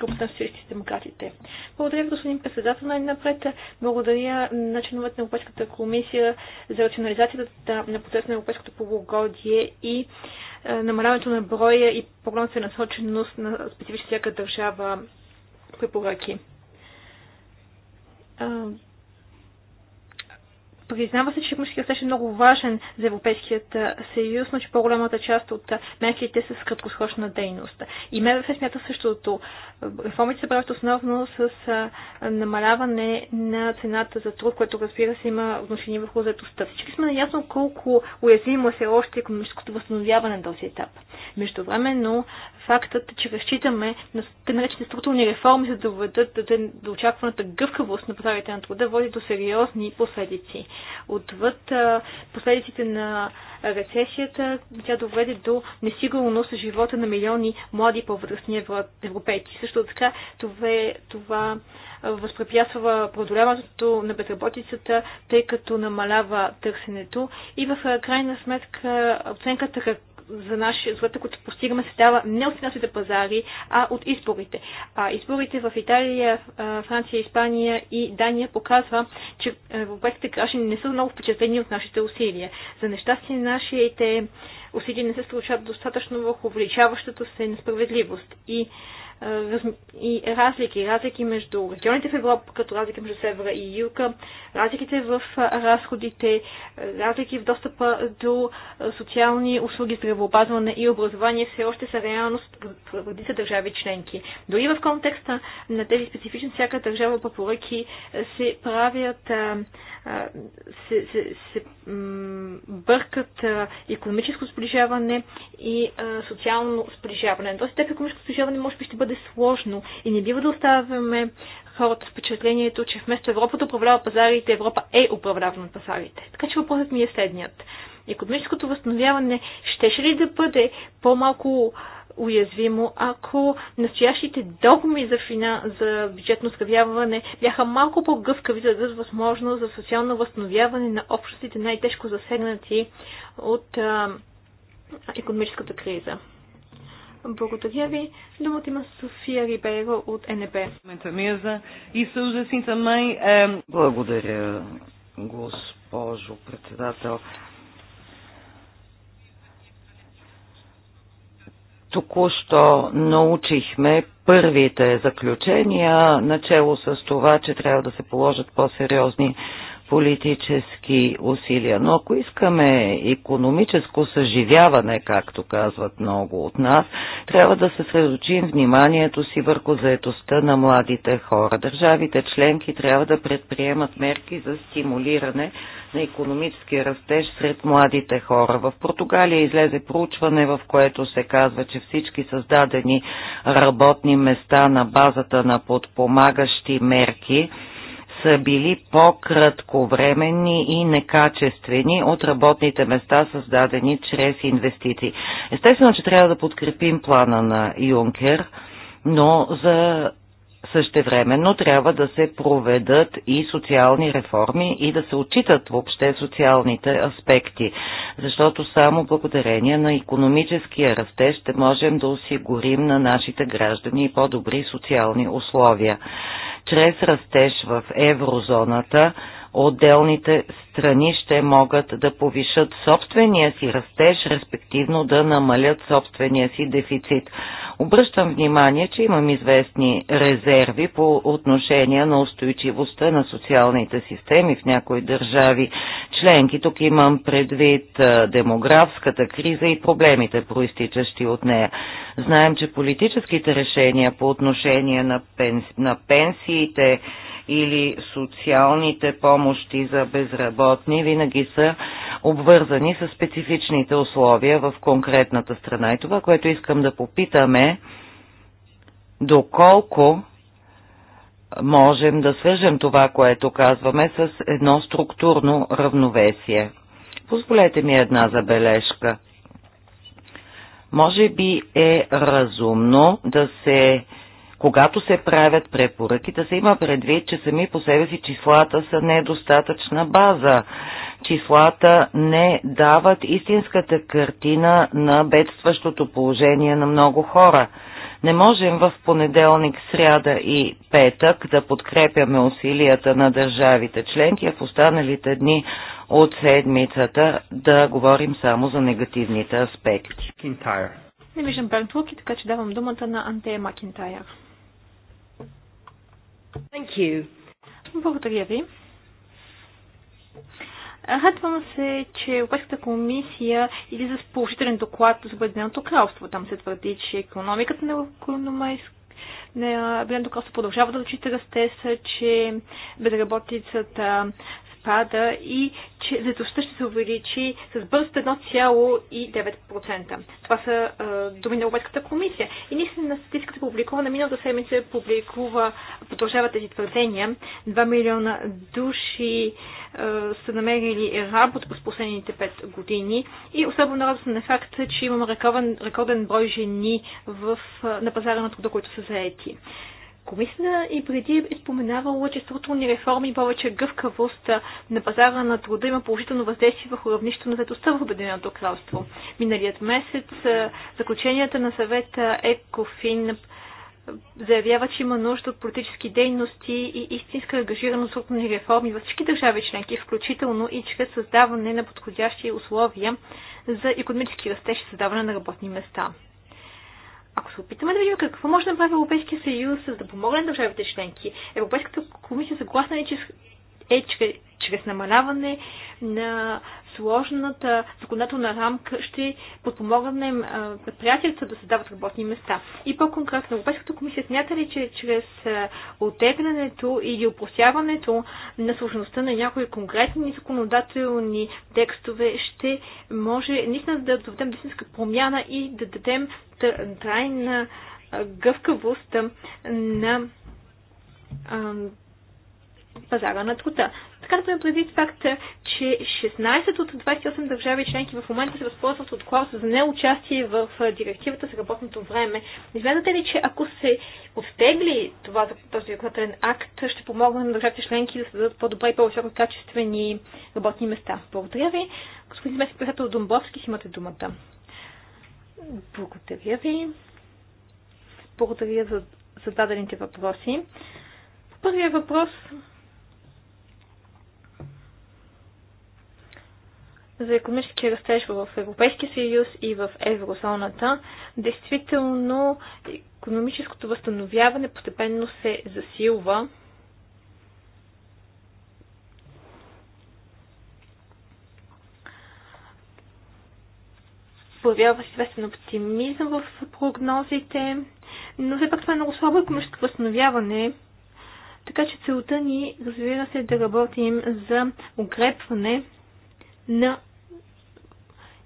групата на социалистите демократите. Благодаря господин председател. Най-напред благодаря на членовете на Европейската комисия за рационализацията на процеса на Европейското полугодие и намаляването на броя и прогнозната насоченост на специфична всяка държава препоръки. Um, Признава се, че економическият растеж е много важен за Европейският съюз, но че по-голямата част от мерките са с краткосрочна дейност. И МВФ смята същото. Реформите се правят основно с намаляване на цената за труд, което разбира се има отношение върху заедостта. Всички сме наясно колко уязвимо е се още економическото възстановяване на този етап. Между време, но фактът, че разчитаме на те наречени структурни реформи, за да доведат до очакваната гъвкавост на пазарите на труда, води до сериозни последици отвъд последиците на рецесията. Тя доведе до несигурност живота на милиони млади по-възрастни европейци. Също така това, това възпрепятства продоляването на безработицата, тъй като намалява търсенето и в крайна сметка оценката за нашия злата, които постигаме, се дава не от финансовите пазари, а от изборите. А изборите в Италия, Франция, Испания и Дания показва, че европейските граждани не са много впечатлени от нашите усилия. За нещастие нашите усилия не се случват достатъчно в увеличаващата се несправедливост. И и разлики. Разлики между регионите в Европа, като разлики между севера и юга, разликите в разходите, разлики в достъпа до социални услуги, здравеопазване и образование все още са реалност в редица държави членки. Дори в контекста на тези специфични всяка държава по поръки се правят, се, се, се бъркат економическо сближаване и социално сближаване. На този степен економическо сближаване може би ще бъде твърде сложно и не бива да оставяме хората с впечатлението, че вместо Европа да управлява пазарите, Европа е управлява на пазарите. Така че въпросът ми е следният. Економическото възстановяване щеше ли да бъде по-малко уязвимо, ако настоящите догми за, фина, за бюджетно скъвяване бяха малко по-гъвкави, за да дадат възможност за социално възстановяване на общностите най-тежко засегнати от а, економическата криза. Благодаря ви. Думата има София Рибейро от НП. Благодаря, госпожо председател. Току-що научихме първите заключения, начало с това, че трябва да се положат по-сериозни политически усилия. Но ако искаме економическо съживяване, както казват много от нас, трябва да се средочим вниманието си върху заетостта на младите хора. Държавите членки трябва да предприемат мерки за стимулиране на економически растеж сред младите хора. В Португалия излезе проучване, в което се казва, че всички създадени работни места на базата на подпомагащи мерки – са били по-кратковременни и некачествени от работните места, създадени чрез инвестиции. Естествено, че трябва да подкрепим плана на Юнкер, но за Същевременно трябва да се проведат и социални реформи и да се отчитат въобще социалните аспекти, защото само благодарение на економическия растеж ще можем да осигурим на нашите граждани по-добри социални условия. Чрез растеж в еврозоната отделните страни ще могат да повишат собствения си растеж, респективно да намалят собствения си дефицит. Обръщам внимание, че имам известни резерви по отношение на устойчивостта на социалните системи в някои държави членки. Тук имам предвид демографската криза и проблемите, проистичащи от нея. Знаем, че политическите решения по отношение на, пенс... на пенсиите, или социалните помощи за безработни винаги са обвързани с специфичните условия в конкретната страна. И това, което искам да попитаме, доколко можем да свържем това, което казваме, с едно структурно равновесие. Позволете ми една забележка. Може би е разумно да се когато се правят препоръките, се има предвид, че сами по себе си числата са недостатъчна база. Числата не дават истинската картина на бедстващото положение на много хора. Не можем в понеделник, сряда и петък да подкрепяме усилията на държавите членки, а в останалите дни от седмицата да говорим само за негативните аспекти. Не виждам Бернт Луки, така че давам думата на Антея Макинтайер. Thank you. Благодаря ви. Радвам се, че Европейската комисия излиза с положителен доклад за Обединеното кралство. Там се твърди, че економиката на Обединеното кралство продължава да отчита растеса, че безработицата спада и заедостта ще се увеличи с бърз 1,9%. Това са е, думи на обедската комисия. И наистина статистиката публикувана миналата седмица публикува, продължава тези твърдения. 2 милиона души е, са намерили работа през последните 5 години. И особено радостно е факта, че имаме рекорден, рекорден брой жени в, на пазара на труда, които са заети. Комисията и преди е споменавала, че структурни реформи и повече гъвкавост на пазара на труда има положително въздействие върху равнището на заедостта в Обединеното кралство. Миналият месец заключенията на съвета ЕКОФИН заявява, че има нужда от политически дейности и истинска ангажираност структурни реформи във всички държави членки, включително и чрез създаване на подходящи условия за економически растеж и създаване на работни места. Ако се опитаме да видим какво може да направи Европейския съюз, за да помогне на държавите членки, Европейската комисия съгласна е, че е чрез, намаляване на сложната законодателна рамка ще подпомогнем предприятията да създават работни места. И по-конкретно, Европейската комисия смята ли, че чрез отеглянето или опросяването на сложността на някои конкретни законодателни текстове ще може наистина да доведем до промяна и да дадем трайна гъвкавост на пазара на труда. Така да ме предвид факта, че 16 от 28 държави членки в момента се възползват от клауза за неучастие в директивата за работното време. Не ли, че ако се оттегли това, този законодателен акт, ще помогне на държавите членки да създадат по-добре и по-високо качествени работни места? Благодаря ви. Господин Смесик, председател си имате думата. Благодаря ви. Благодаря за зададените въпроси. Първият въпрос за економически растеж в Европейския съюз и в еврозоната, действително економическото възстановяване постепенно се засилва. Появява се известен оптимизъм в прогнозите, но все пак това е много слабо економическо възстановяване, така че целта ни, разбира се, е да работим за укрепване на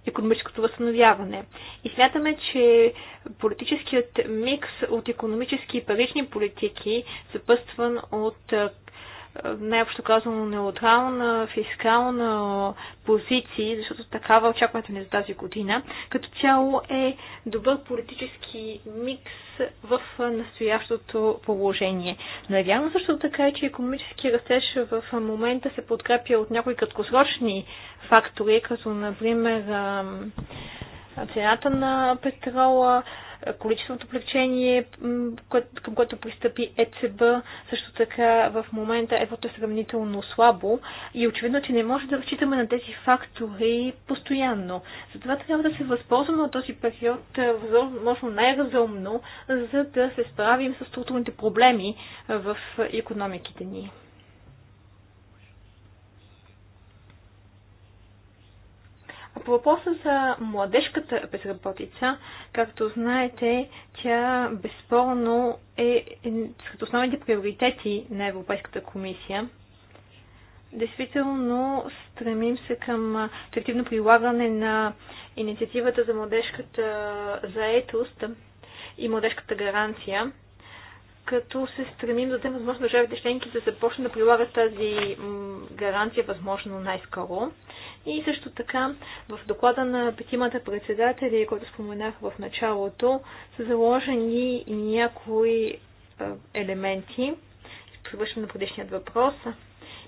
економическото възстановяване. И смятаме, че политическият микс от економически и парични политики, съпъстван от най-общо казано неутрална фискална позиция, защото такава е очакването ни за тази година, като цяло е добър политически микс в настоящото положение. Но е вярно също така, е, че економически растеж в момента се подкрепя от някои краткосрочни фактори, като например цената на петрола, количественото облегчение, към което пристъпи ЕЦБ, също така в момента еврото е сравнително слабо и е очевидно, че не може да разчитаме на тези фактори постоянно. Затова трябва да се възползваме от този период възможно най-разумно, за да се справим с структурните проблеми в економиките ни. По въпроса за младежката безработица, както знаете, тя безспорно е сред основните приоритети на Европейската комисия. Действително стремим се към ефективно прилагане на инициативата за младежката заетост и младежката гаранция като се стремим да дадем възможност на държавите членки да започнат да прилагат тази гаранция възможно най-скоро. И също така в доклада на петимата председатели, който споменах в началото, са заложени някои елементи. Привършвам на предишният въпрос.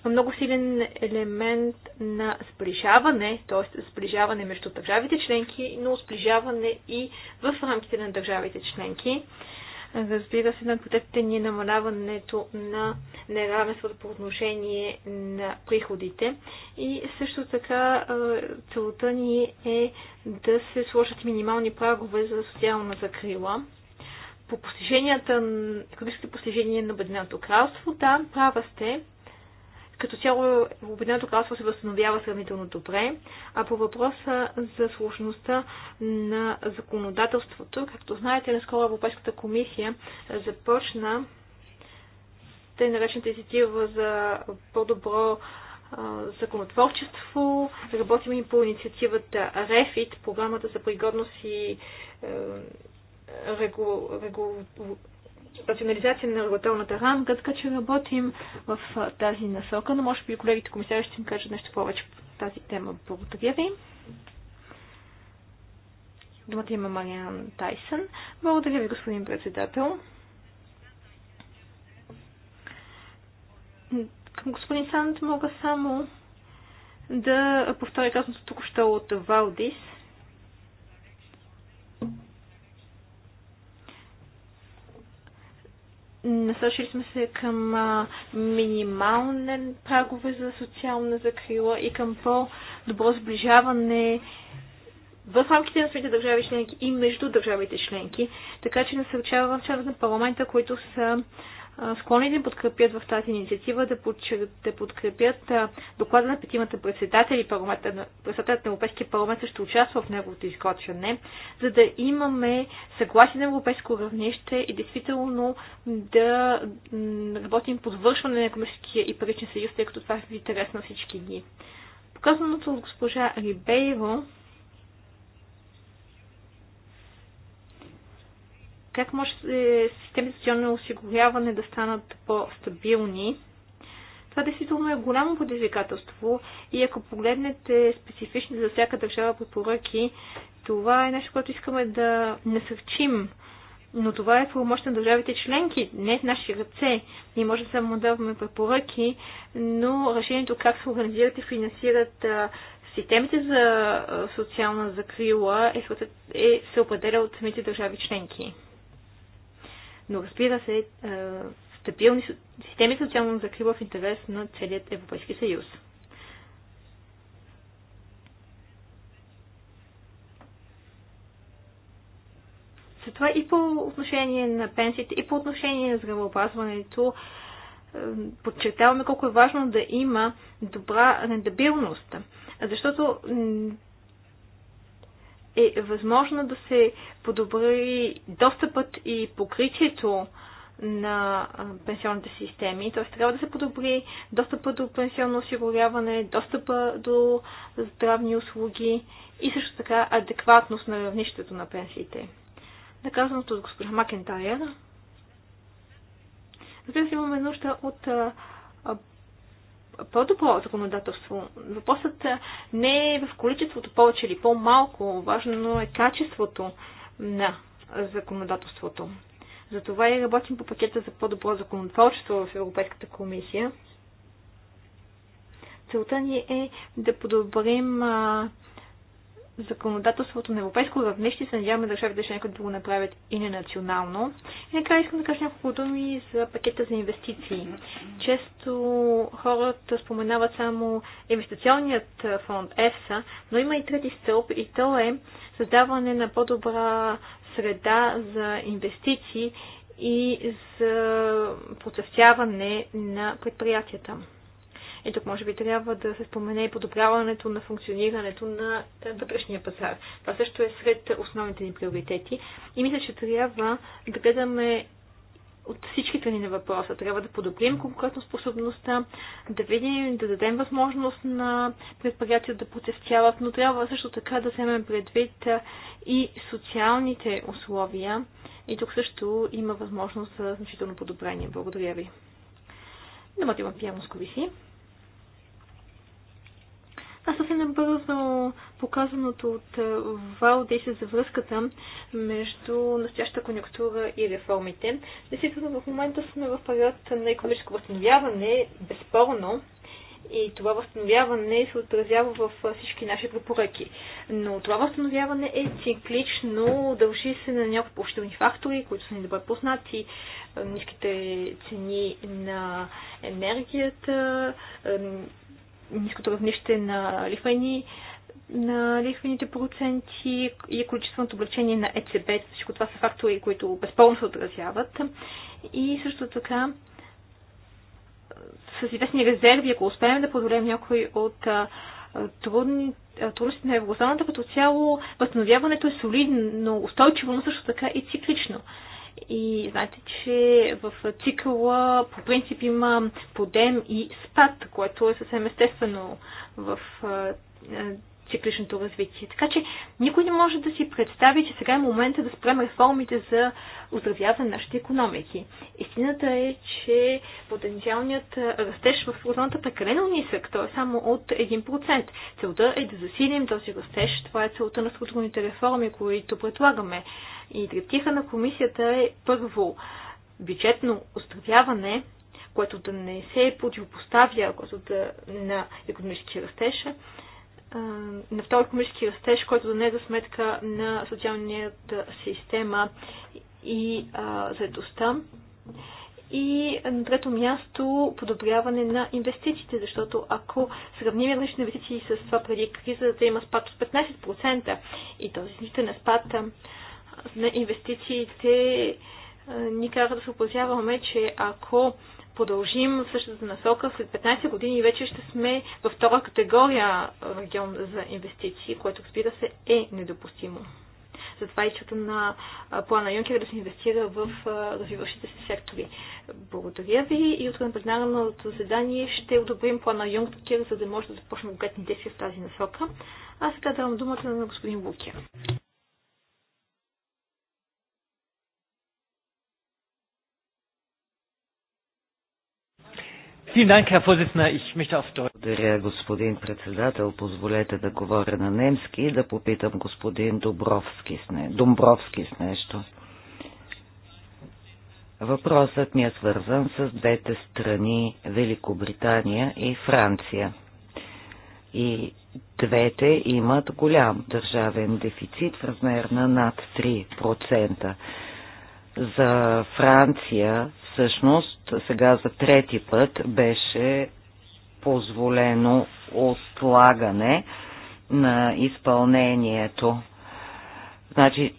Има много силен елемент на сближаване, т.е. сближаване между държавите членки, но сближаване и в рамките на държавите членки. Разбира се, наркотетите ни е намаляването на неравенството по отношение на приходите и също така целта ни е да се сложат минимални прагове за социална закрила по постиженията, економическите постижения на Обединеното кралство, да, права сте. Като цяло Обединеното кралство се възстановява сравнително добре. А по въпроса за сложността на законодателството, както знаете, наскоро Европейската комисия започна те наречената инициатива за по-добро законотворчество. Работим и по инициативата REFIT, програмата за пригодност и е, регу, регу, рационализация на регулаторната рамка, така че работим в тази насока, но може би колегите комисари ще им кажат нещо повече по тази тема. Благодаря ви. Думата има Мариан Тайсън. Благодаря ви, господин председател. Към господин Санд мога само да повторя казаното тук що от Валдис – Насочили сме се към минимални прагове за социална закрила и към по-добро сближаване в рамките на своите държави членки и между държавите членки. Така че насърчавам членове на парламента, които са склонни да подкрепят в тази инициатива, да, подчер... да подкрепят доклада на петимата председатели. Председателят на Европейския парламент също участва в неговото изготвяне, за да имаме съгласие на европейско равнище и действително да работим под вършване на економическия и паричен съюз, тъй като това е в интерес на всички ни. Показаното от госпожа Рибейро как може системите за социално осигуряване да станат по-стабилни. Това действително е голямо предизвикателство и ако погледнете специфични за всяка държава препоръки, това е нещо, което искаме да насърчим. Но това е помощ на държавите членки, не в наши ръце. Ние може само да даваме препоръки, но решението как се организират и финансират системите за социална закрила е, е, се определя от самите държави членки но разбира се, стабилни системи социално закрива в интерес на целият Европейски съюз. Затова и по отношение на пенсиите, и по отношение на здравеопазването, подчертаваме колко е важно да има добра рентабилност. Защото е възможно да се подобри достъпът и покритието на пенсионните системи. Т.е. трябва да се подобри достъпа до пенсионно осигуряване, достъпа до здравни услуги и също така адекватност на равнището на пенсиите. Наказаното от госпожа Макентайер. Разбира се, имаме нужда от по-добро законодателство. Въпросът е, не е в количеството повече или по-малко, важно е качеството на законодателството. Затова и работим по пакета за по-добро законотворчество в Европейската комисия. Целта ни е да подобрим законодателството на европейско равнище се надяваме държавите членки да го направят и не национално. И накрая искам да кажа няколко думи за пакета за инвестиции. Често хората споменават само инвестиционният фонд ЕФСА, но има и трети стълб и то е създаване на по-добра среда за инвестиции и за процъфтяване на предприятията. И тук може би трябва да се спомене и подобряването на функционирането на вътрешния пазар. Това също е сред основните ни приоритети. И мисля, че трябва да гледаме от всичките ни на въпроса. Трябва да подобрим конкретно способността, да видим, да дадем възможност на предприятията да протестяват, но трябва също така да вземем предвид и социалните условия. И тук също има възможност за значително подобрение. Благодаря ви. Думата има Пия си. Аз съвсем набързо показаното от е, Валдейса за връзката между настоящата конъюнктура и реформите. Действително в момента сме в период на економическо възстановяване, безспорно, и това възстановяване се отразява в всички наши препоръки. Но това възстановяване е циклично, дължи се на някои поощрителни фактори, които са ни добре познати, ниските цени на енергията, ниското равнище на лихвени на лихвените проценти и количественото облегчение на ЕЦБ. Всичко това са фактори, които безпълно се отразяват. И също така с известни резерви, ако успеем да подолем някои от трудности на еврозоната като цяло, възстановяването е солидно, устойчиво, но също така и циклично. И знаете, че в цикъла по принцип има подем и спад, което е съвсем естествено в цикличното развитие. Така че никой не може да си представи, че сега е момента да спрем реформите за оздравяване на нашите економики. Истината е, че потенциалният растеж в прогнозата прекалено нисък, той е само от 1%. Целта е да засилим този растеж, това е целта на структурните реформи, които предлагаме. И директива на комисията е първо бюджетно оздравяване, което да не се противопоставя което да, на економически растеж на втори економически растеж, който да не е за сметка на социалната система и заедостта. И на трето място подобряване на инвестициите, защото ако сравним различни инвестиции с това преди кризата, има спад от 15% и този значителен спад на инвестициите ни кара да се опасяваме, че ако продължим в същата насока, след 15 години вече ще сме във втора категория регион за инвестиции, което разбира се е недопустимо. Затова и чета на плана Юнкер е да се инвестира в развиващите се сектори. Благодаря ви и от на предназначеното заседание ще одобрим плана Юнкер, за да може да започнем конкретни действия в тази насока. А сега давам думата на господин Букер. Благодаря, господин председател. Позволете да говоря на немски и да попитам господин Добровски с, не... Домбровски с нещо. Въпросът ми е свързан с двете страни Великобритания и Франция. И двете имат голям държавен дефицит в размер на над 3%. За Франция всъщност сега за трети път беше позволено отлагане на изпълнението. Значи е,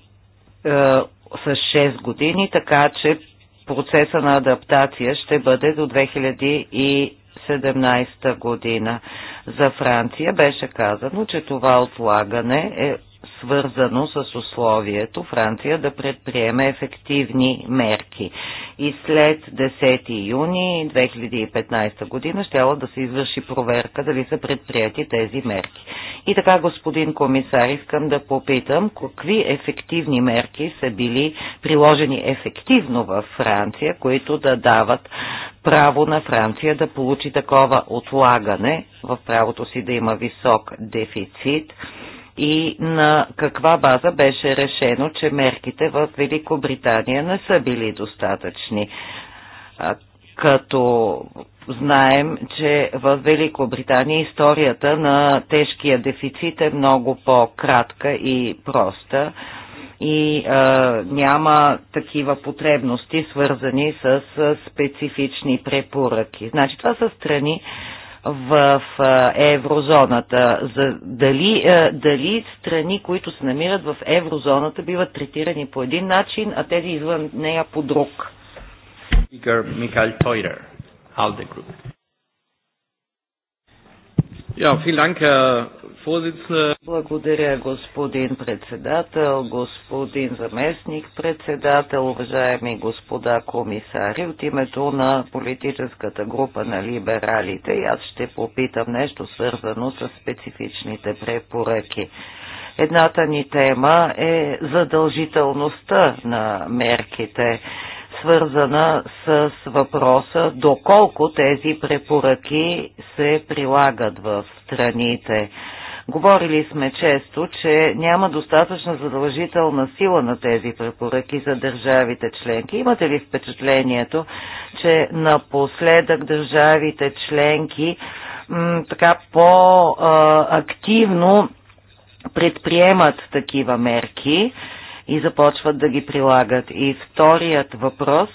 с 6 години, така че процеса на адаптация ще бъде до 2017 година. За Франция беше казано, че това отлагане е свързано с условието Франция да предприеме ефективни мерки. И след 10 юни 2015 година щяло да се извърши проверка дали са предприяти тези мерки. И така, господин комисар, искам да попитам какви ефективни мерки са били приложени ефективно във Франция, които да дават право на Франция да получи такова отлагане в правото си да има висок дефицит и на каква база беше решено, че мерките в Великобритания не са били достатъчни. Като знаем, че в Великобритания историята на тежкия дефицит е много по-кратка и проста и а, няма такива потребности, свързани с, с специфични препоръки. Значи това са страни, в еврозоната. За дали, дали страни, които се намират в еврозоната, биват третирани по един начин, а тези извън нея по друг. Благодаря, господин председател, господин заместник председател, уважаеми господа комисари. От името на политическата група на либералите и аз ще попитам нещо свързано с специфичните препоръки. Едната ни тема е задължителността на мерките свързана с въпроса доколко тези препоръки се прилагат в страните. Говорили сме често, че няма достатъчна задължителна сила на тези препоръки за държавите членки. Имате ли впечатлението, че напоследък държавите членки така по-активно предприемат такива мерки? и започват да ги прилагат. И вторият въпрос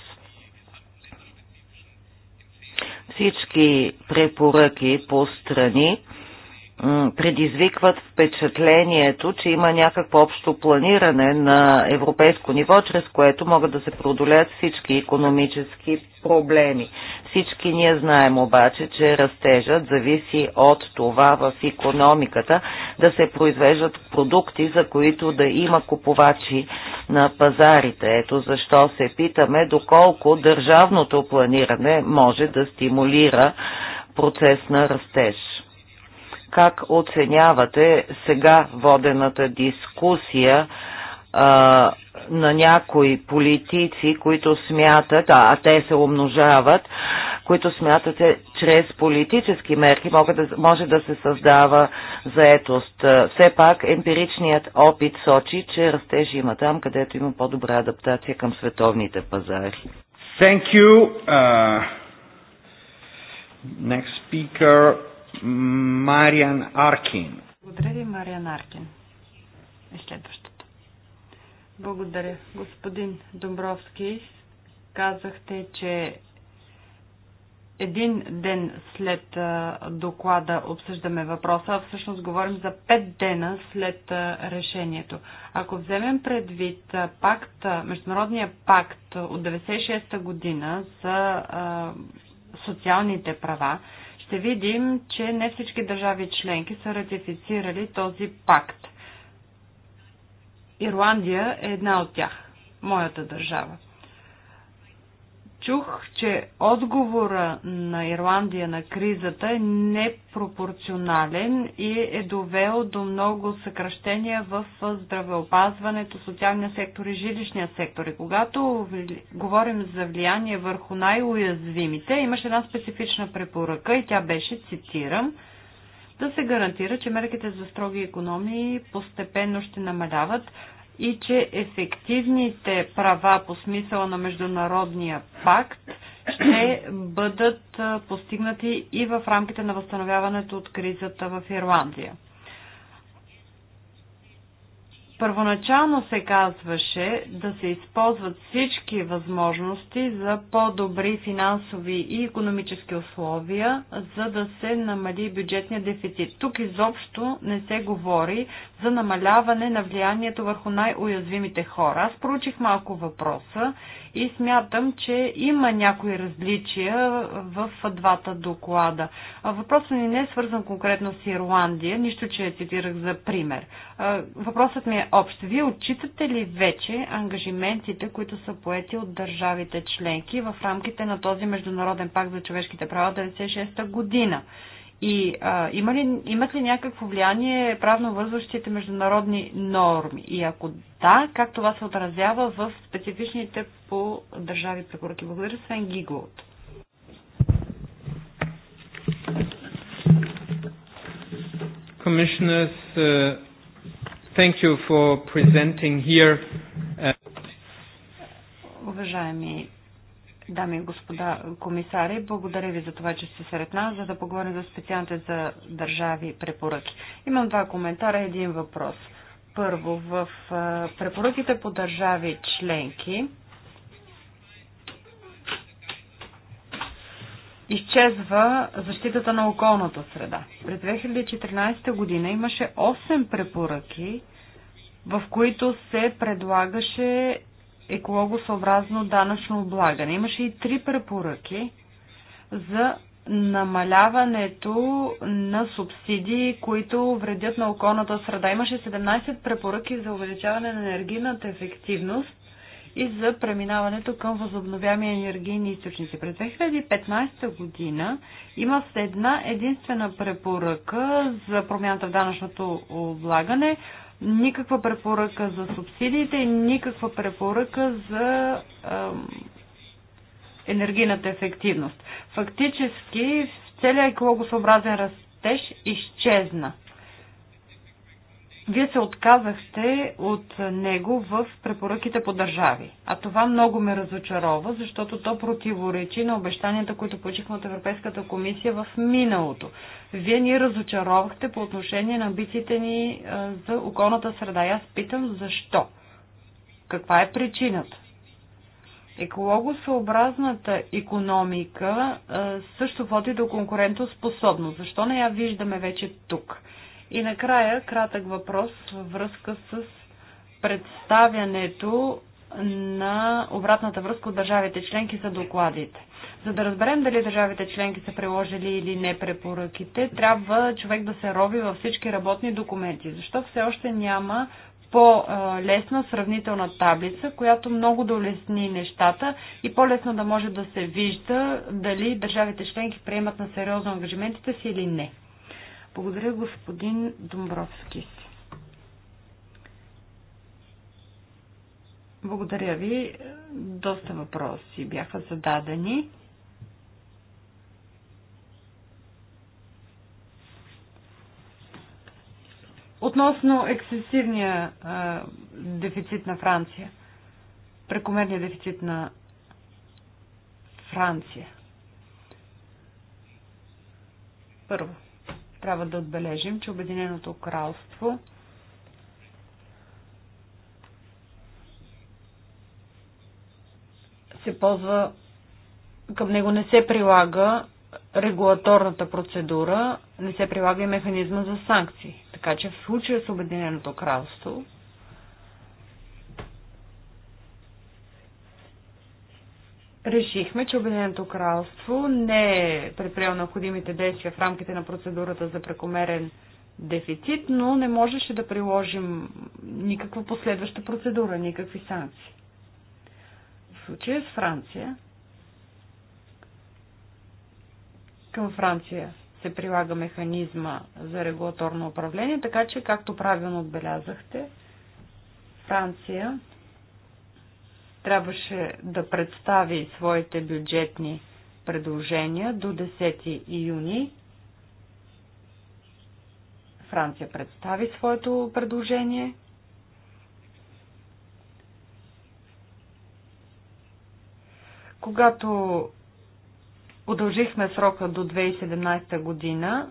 всички препоръки по страни предизвикват впечатлението, че има някакво общо планиране на европейско ниво, чрез което могат да се продолеят всички економически проблеми. Всички ние знаем обаче, че растежът зависи от това в економиката да се произвеждат продукти, за които да има купувачи на пазарите. Ето защо се питаме доколко държавното планиране може да стимулира процес на растеж. Как оценявате сега водената дискусия а, на някои политици, които смятат, а, а те се умножават, които смятате, чрез политически мерки могат да, може да се създава заетост. Все пак емпиричният опит сочи, че растеж има там, където има по-добра адаптация към световните пазари. Thank you. Uh, next speaker, Мариан Аркин. Благодаря ви, Мариан Аркин. И следващата. Благодаря. Господин Домбровски, казахте, че един ден след доклада обсъждаме въпроса, а всъщност говорим за пет дена след решението. Ако вземем предвид пакт, Международния пакт от 96-та година за социалните права, ще видим, че не всички държави членки са ратифицирали този пакт. Ирландия е една от тях, моята държава чух, че отговора на Ирландия на кризата е непропорционален и е довел до много съкръщения в здравеопазването, социалния сектор и жилищния сектор. И когато говорим за влияние върху най-уязвимите, имаше една специфична препоръка и тя беше, цитирам, да се гарантира, че мерките за строги економии постепенно ще намаляват и че ефективните права по смисъла на Международния пакт ще бъдат постигнати и в рамките на възстановяването от кризата в Ирландия. Първоначално се казваше да се използват всички възможности за по-добри финансови и економически условия, за да се намали бюджетния дефицит. Тук изобщо не се говори за намаляване на влиянието върху най-уязвимите хора. Аз проучих малко въпроса и смятам, че има някои различия в двата доклада. Въпросът ни не е свързан конкретно с Ирландия, нищо, че я цитирах за пример. Въпросът ми е общ. Вие отчитате ли вече ангажиментите, които са поети от държавите членки в рамките на този Международен пакт за човешките права 96-та година? И а, има ли, имат ли някакво влияние правно вързващите международни норми? И ако да, как това се отразява в специфичните по държави препоръки? Благодаря, Свен Гиглот. Commissioners, uh, thank you for presenting here. Uh... Уважаеми Дами и господа комисари, благодаря ви за това, че сте сред нас, за да поговорим за специалните за държави препоръки. Имам два коментара и един въпрос. Първо, в препоръките по държави членки изчезва защитата на околната среда. През 2014 година имаше 8 препоръки, в които се предлагаше екологосъобразно данъчно облагане. Имаше и три препоръки за намаляването на субсидии, които вредят на околната среда. Имаше 17 препоръки за увеличаване на енергийната ефективност и за преминаването към възобновяеми енергийни източници. През 2015 година има една единствена препоръка за промяната в данъчното облагане, никаква препоръка за субсидиите, никаква препоръка за енергийната ефективност. Фактически целият екологосъобразен растеж изчезна. Вие се отказахте от него в препоръките по държави. А това много ме разочарова, защото то противоречи на обещанията, които получихме от Европейската комисия в миналото. Вие ни разочаровахте по отношение на амбициите ни за околната среда. И аз питам защо? Каква е причината? Екологосъобразната економика също води до конкурентоспособност. Защо не я виждаме вече тук? И накрая кратък въпрос във връзка с представянето на обратната връзка от държавите членки за докладите. За да разберем дали държавите членки са приложили или не препоръките, трябва човек да се роби във всички работни документи. Защо все още няма по-лесна сравнителна таблица, която много да улесни нещата и по-лесно да може да се вижда дали държавите членки приемат на сериозно ангажиментите си или не. Благодаря господин Домбровски. Благодаря ви. Доста въпроси бяха зададени. Относно ексцесивния а, дефицит на Франция, прекомерния дефицит на Франция. Първо, трябва да отбележим, че Обединеното кралство се ползва, към него не се прилага регулаторната процедура, не се прилага и механизма за санкции. Така че в случая с Обединеното кралство решихме, че Обединеното кралство не е предприел необходимите действия в рамките на процедурата за прекомерен дефицит, но не можеше да приложим никаква последваща процедура, никакви санкции. В случая с Франция, към Франция се прилага механизма за регулаторно управление, така че, както правилно отбелязахте, Франция трябваше да представи своите бюджетни предложения до 10 июни. Франция представи своето предложение. Когато удължихме срока до 2017 година,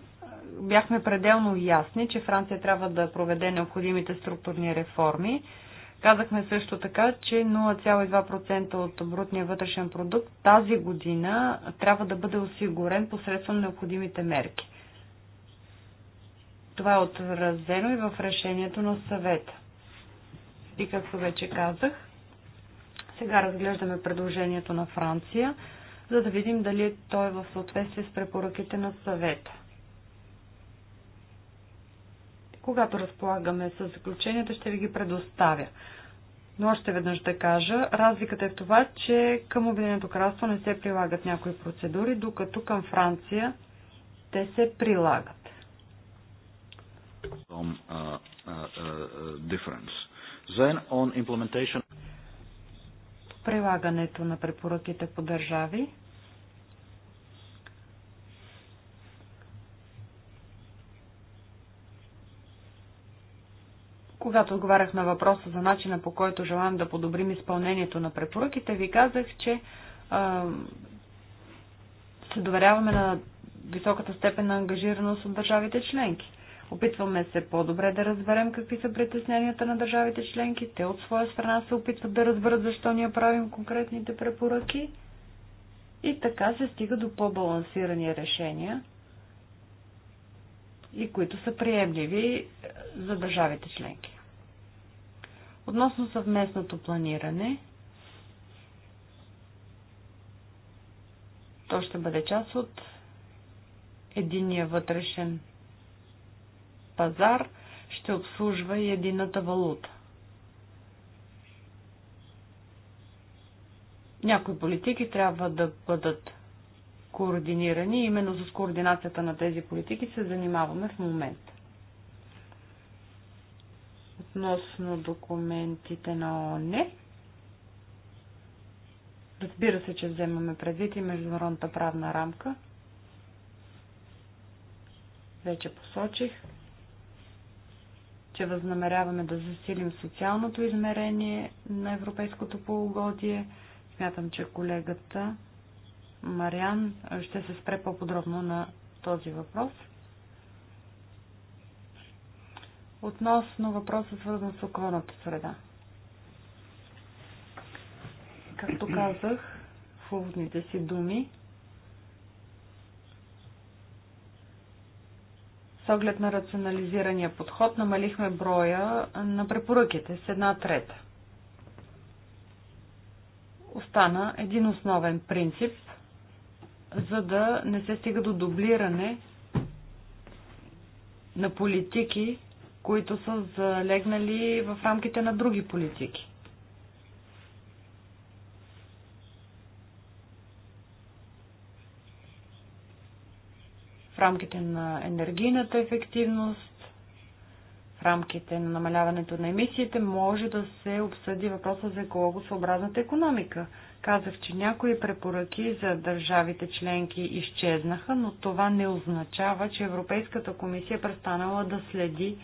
бяхме пределно ясни, че Франция трябва да проведе необходимите структурни реформи, Казахме също така, че 0,2% от брутния вътрешен продукт тази година трябва да бъде осигурен посредством необходимите мерки. Това е отразено и в решението на съвета. И както вече казах, сега разглеждаме предложението на Франция, за да видим дали то е в съответствие с препоръките на съвета. Когато разполагаме с заключенията, ще ви ги предоставя. Но още веднъж да кажа, разликата е в това, че към Обединеното кралство не се прилагат някои процедури, докато към Франция те се прилагат. Uh, uh, uh, Прилагането на препоръките по държави. Когато отговарях на въпроса за начина по който желаем да подобрим изпълнението на препоръките, ви казах, че а, се доверяваме на високата степен на ангажираност от държавите членки. Опитваме се по-добре да разберем какви са притесненията на държавите членки. Те от своя страна се опитват да разберат защо ние правим конкретните препоръки. И така се стига до по-балансирани решения, и които са приемливи е, за държавите членки. Относно съвместното планиране, то ще бъде част от единия вътрешен пазар, ще обслужва и едината валута. Някои политики трябва да бъдат координирани. Именно с координацията на тези политики се занимаваме в момента. Относно документите на ООН, разбира се, че вземаме предвид и международната правна рамка. Вече посочих, че възнамеряваме да засилим социалното измерение на европейското полугодие. Смятам, че колегата Мариан ще се спре по-подробно на този въпрос. Относно въпроса, свързан с околната среда. Както казах в уводните си думи, с оглед на рационализирания подход намалихме броя на препоръките с една трета. Остана един основен принцип – за да не се стига до дублиране на политики, които са залегнали в рамките на други политики. В рамките на енергийната ефективност, рамките на намаляването на емисиите, може да се обсъди въпроса за екологосъобразната економика. Казах, че някои препоръки за държавите членки изчезнаха, но това не означава, че Европейската комисия е престанала да следи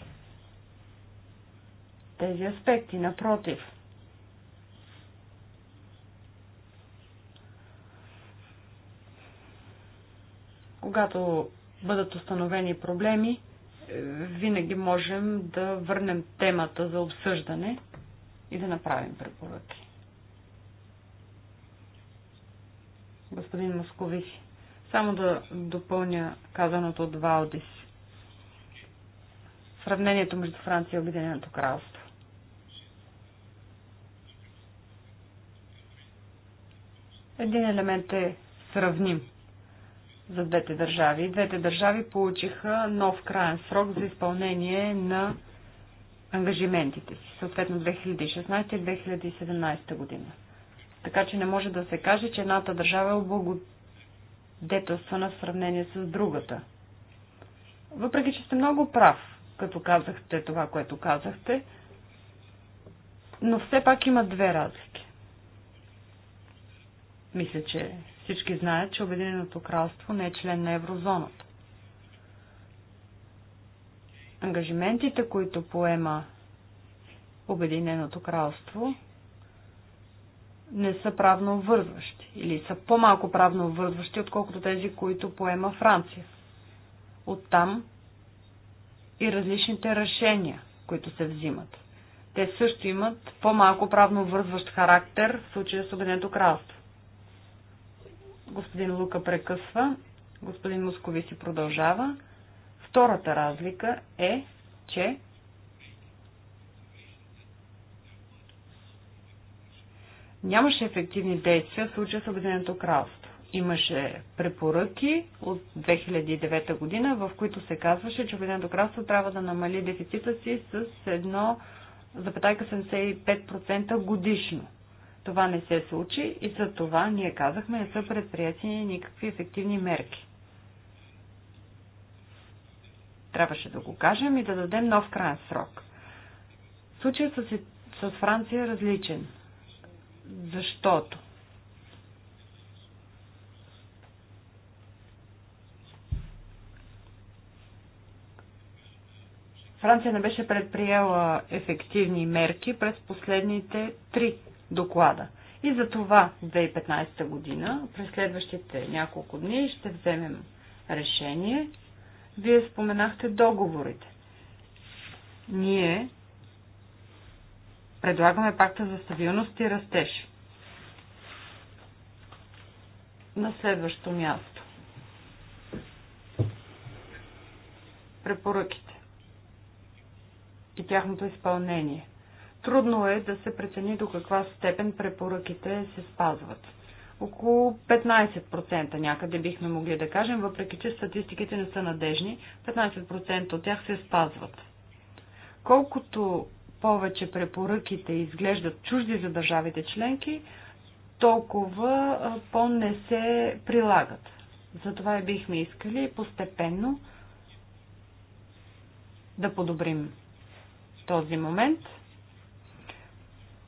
тези аспекти. Напротив, когато бъдат установени проблеми, винаги можем да върнем темата за обсъждане и да направим препоръки. Господин Московиси, само да допълня казаното от Валдис. Сравнението между Франция и Обединеното кралство. Един елемент е сравним за двете държави. Двете държави получиха нов крайен срок за изпълнение на ангажиментите си, съответно 2016 и 2017 година. Така че не може да се каже, че едната държава е облагодетелствана в сравнение с другата. Въпреки, че сте много прав, като казахте това, което казахте, но все пак има две разлики. Мисля, че всички знаят, че Обединеното кралство не е член на еврозоната. Ангажиментите, които поема Обединеното кралство, не са правно обвързващи или са по-малко правно обвързващи, отколкото тези, които поема Франция. Оттам и различните решения, които се взимат. Те също имат по-малко правно вързващ характер в случая с Обединеното кралство. Господин Лука прекъсва. Господин Москови си продължава. Втората разлика е, че нямаше ефективни действия в случая с Обединеното кралство. Имаше препоръки от 2009 година, в които се казваше, че Обединеното кралство трябва да намали дефицита си с 1,75% годишно. Това не се случи и за това ние казахме не са предприяти никакви ефективни мерки. Трябваше да го кажем и да дадем нов крайен срок. Случаят с, с Франция е различен, защото Франция не беше предприела ефективни мерки през последните три доклада. И за това 2015 година, през следващите няколко дни, ще вземем решение. Вие споменахте договорите. Ние предлагаме пакта за стабилност и растеж. На следващо място. Препоръките и тяхното изпълнение – Трудно е да се прецени до каква степен препоръките се спазват. Около 15% някъде бихме могли да кажем, въпреки че статистиките не са надежни, 15% от тях се спазват. Колкото повече препоръките изглеждат чужди за държавите членки, толкова по-не се прилагат. Затова и бихме искали постепенно да подобрим този момент –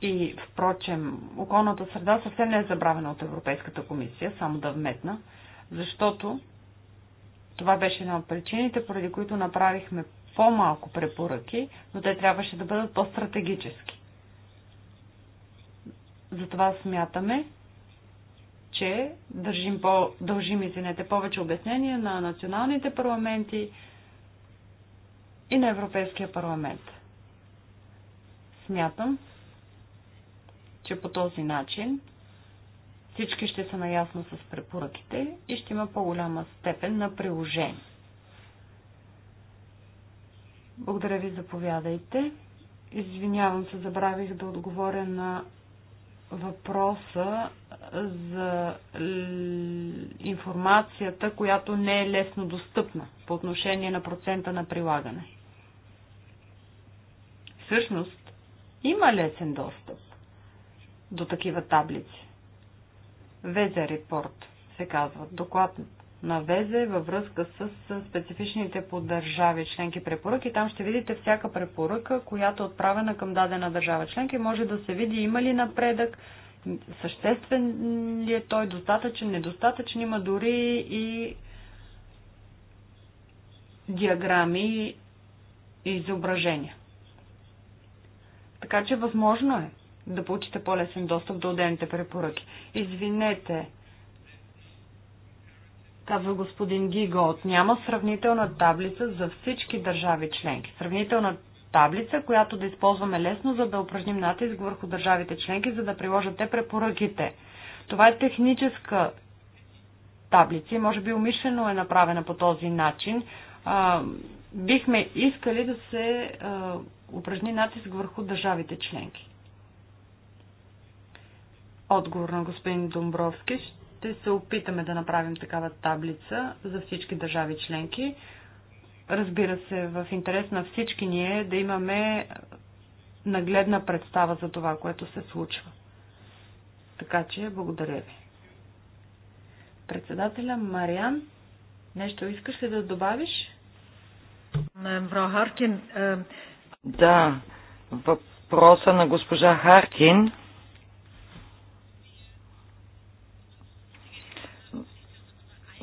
и, впрочем, околната среда съвсем не е забравена от Европейската комисия, само да вметна, защото това беше една от причините, поради които направихме по-малко препоръки, но те трябваше да бъдат по-стратегически. Затова смятаме, че държим по, дължим извинете, повече обяснения на националните парламенти и на Европейския парламент. Смятам, че по този начин всички ще са наясно с препоръките и ще има по-голяма степен на приложение. Благодаря ви, заповядайте. Извинявам се, забравих да отговоря на въпроса за информацията, която не е лесно достъпна по отношение на процента на прилагане. Всъщност, има лесен достъп до такива таблици. Везе репорт се казва. Доклад на Везе във връзка с специфичните по държави членки препоръки. Там ще видите всяка препоръка, която е отправена към дадена държава членки, може да се види има ли напредък, съществен ли е той, достатъчен, недостатъчен. Има дори и диаграми и изображения. Така че възможно е да получите по-лесен достъп до отделните препоръки. Извинете, казва господин Гиголт, няма сравнителна таблица за всички държави членки. Сравнителна таблица, която да използваме лесно, за да упражним натиск върху държавите членки, за да приложат те препоръките. Това е техническа таблица и може би умишлено е направена по този начин. А, бихме искали да се а, упражни натиск върху държавите членки отговор на господин Домбровски. Ще се опитаме да направим такава таблица за всички държави членки. Разбира се, в интерес на всички ние да имаме нагледна представа за това, което се случва. Така че, благодаря ви. Председателя Мариан, нещо искаш ли да добавиш? Мвро Харкин. Е, да, въпроса на госпожа Харкин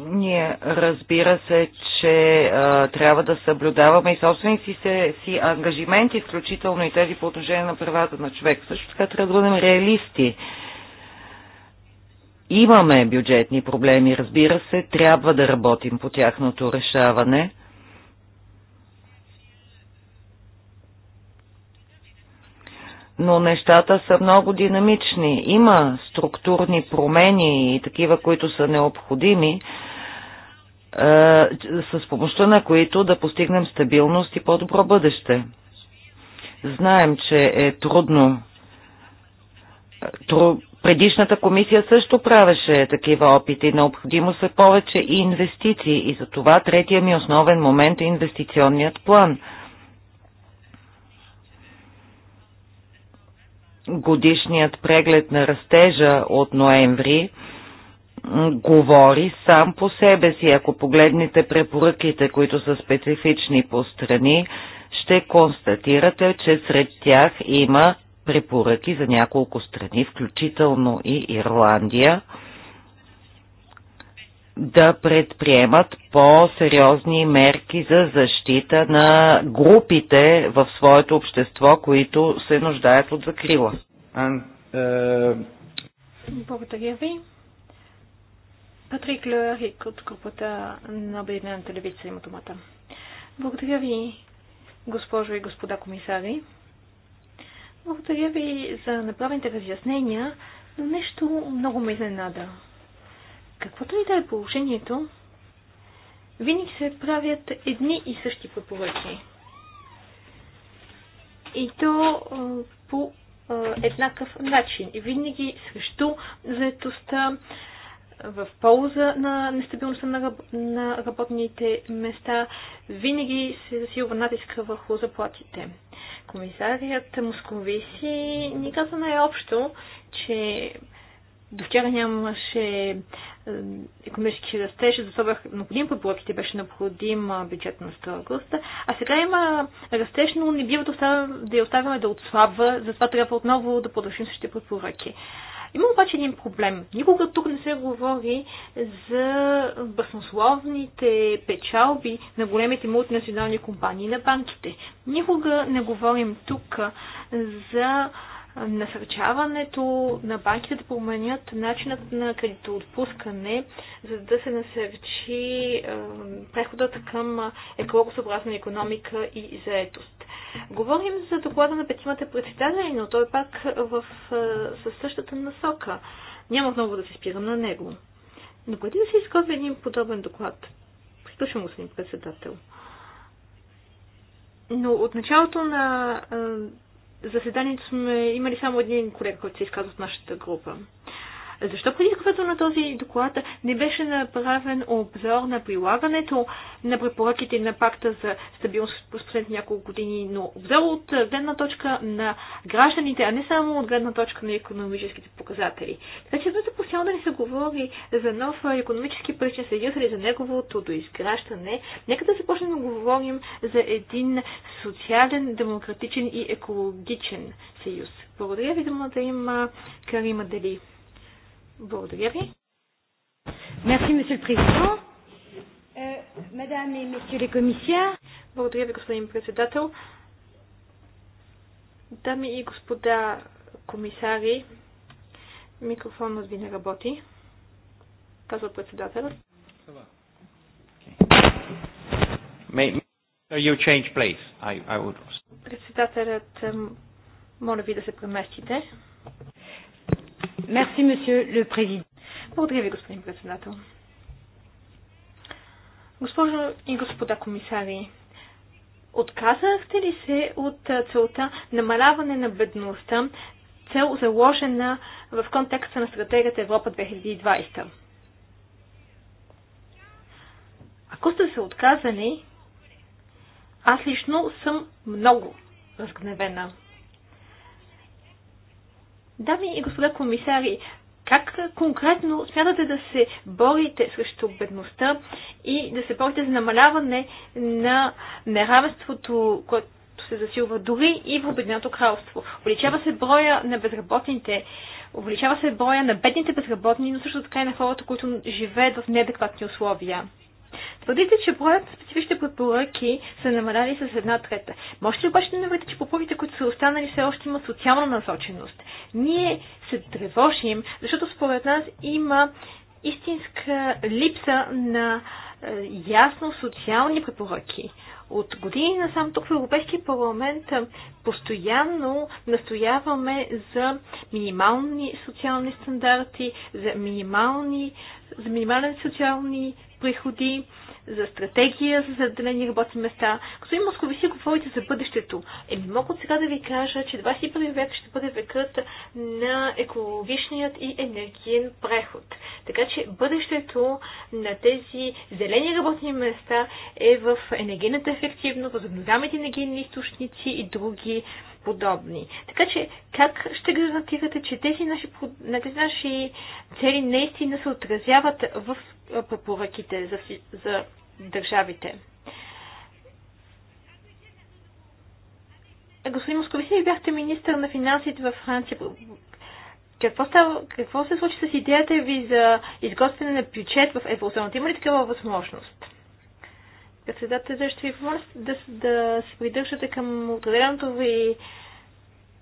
Ние разбира се, че а, трябва да съблюдаваме и собствените си, си ангажименти, включително и тези по отношение на правата на човек. Също така трябва да бъдем реалисти. Имаме бюджетни проблеми, разбира се, трябва да работим по тяхното решаване. но нещата са много динамични. Има структурни промени и такива, които са необходими, е, с помощта на които да постигнем стабилност и по-добро бъдеще. Знаем, че е трудно. Предишната комисия също правеше такива опити. Необходимо са повече и инвестиции и за това третия ми основен момент е инвестиционният план. Годишният преглед на растежа от ноември – говори сам по себе си. Ако погледнете препоръките, които са специфични по страни, ще констатирате, че сред тях има препоръки за няколко страни, включително и Ирландия, да предприемат по-сериозни мерки за защита на групите в своето общество, които се нуждаят от закрила. And, uh... Благодаря ви. Патрик Лерик от групата на Обединената левица има думата. Благодаря ви, госпожо и господа комисари. Благодаря ви за направените разяснения, но нещо много ме изненада. Каквото и да е положението, винаги се правят едни и същи препоръки. И то по еднакъв начин. винаги срещу заетостта, в полза на нестабилността на, на работните места, винаги се засилва натиска върху заплатите. Комисарият Московиси ни каза най-общо, че до вчера нямаше е, економически растеж, за това необходим по блоките, беше необходим бюджет на августа. А сега има растеж, но не бива да, оставя, да я оставяме да отслабва, затова трябва отново да продължим същите препоръки. Има обаче един проблем. Никога тук не се говори за баснословните печалби на големите мултинационални компании на банките. Никога не говорим тук за насърчаването на банките да променят начинът на кредитоотпускане, за да се насърчи преходът към екологосъобразна економика и заетост. Говорим за доклада на петимата председатели, но той пак в, със същата насока. Няма много да се спирам на него. Но преди да се изготви един подобен доклад, приключвам, господин председател, но от началото на заседанието сме имали само един колега, който се изказва от нашата група. Защо преди на този доклад не беше направен обзор на прилагането на препоръките на пакта за стабилност през последните няколко години, но обзор от гледна точка на гражданите, а не само от гледна точка на економическите показатели. Така че бъде постоянно да ни се говори за нов економически паричен съюз или за неговото доизграждане, нека да започнем да говорим за един социален, демократичен и екологичен съюз. Благодаря ви, думата има Карима Дели. Благодаря ви. Мерси, месье президент. Мадам и месье ле комисия. Благодаря ви, господин председател. Дами и господа комисари, микрофонът ви не работи, казва председателът. Okay. You change place. I, I would... Председателят, моля ви да се преместите. Merci, Monsieur le Président. Благодаря ви, господин председател. Госпожо и господа комисари, отказахте ли се от целта намаляване на бедността, цел заложена в контекста на стратегията Европа 2020? Ако сте се отказали, аз лично съм много разгневена. Дами и господа комисари, как конкретно смятате да се борите срещу бедността и да се борите за намаляване на неравенството, което се засилва дори и в Обединеното кралство? Увеличава се броя на безработните, увеличава се броя на бедните безработни, но също така и на хората, които живеят в неадекватни условия. Твърдите, че броят на специфичните препоръки са намаляли с една трета. Може ли обаче да наведете, че препоръките, които са останали, все още имат социална насоченост? Ние се тревожим, защото според нас има истинска липса на е, ясно социални препоръки. От години насам тук в Европейския парламент е, постоянно настояваме за минимални социални стандарти, за, минимални, за минимални социални приходи, за стратегия за заделени работни места. Господин си говорите за бъдещето. Еми, мога от сега да ви кажа, че 21 век ще бъде векът на екологичният и енергиен преход. Така че бъдещето на тези зелени работни места е в енергийната ефективност, възобновяваме енергийни източници и други подобни. Така че, как ще гарантирате, че тези наши, тези наши цели наистина се отразяват в препоръките за, за държавите? Господин Московиси, ви бяхте министър на финансите във Франция. Какво, става, какво се случи с идеята ви за изготвяне на бюджет в еврозоната? Има ли такава възможност? председателя, ще ви помоля да, да се придържате към определеното ви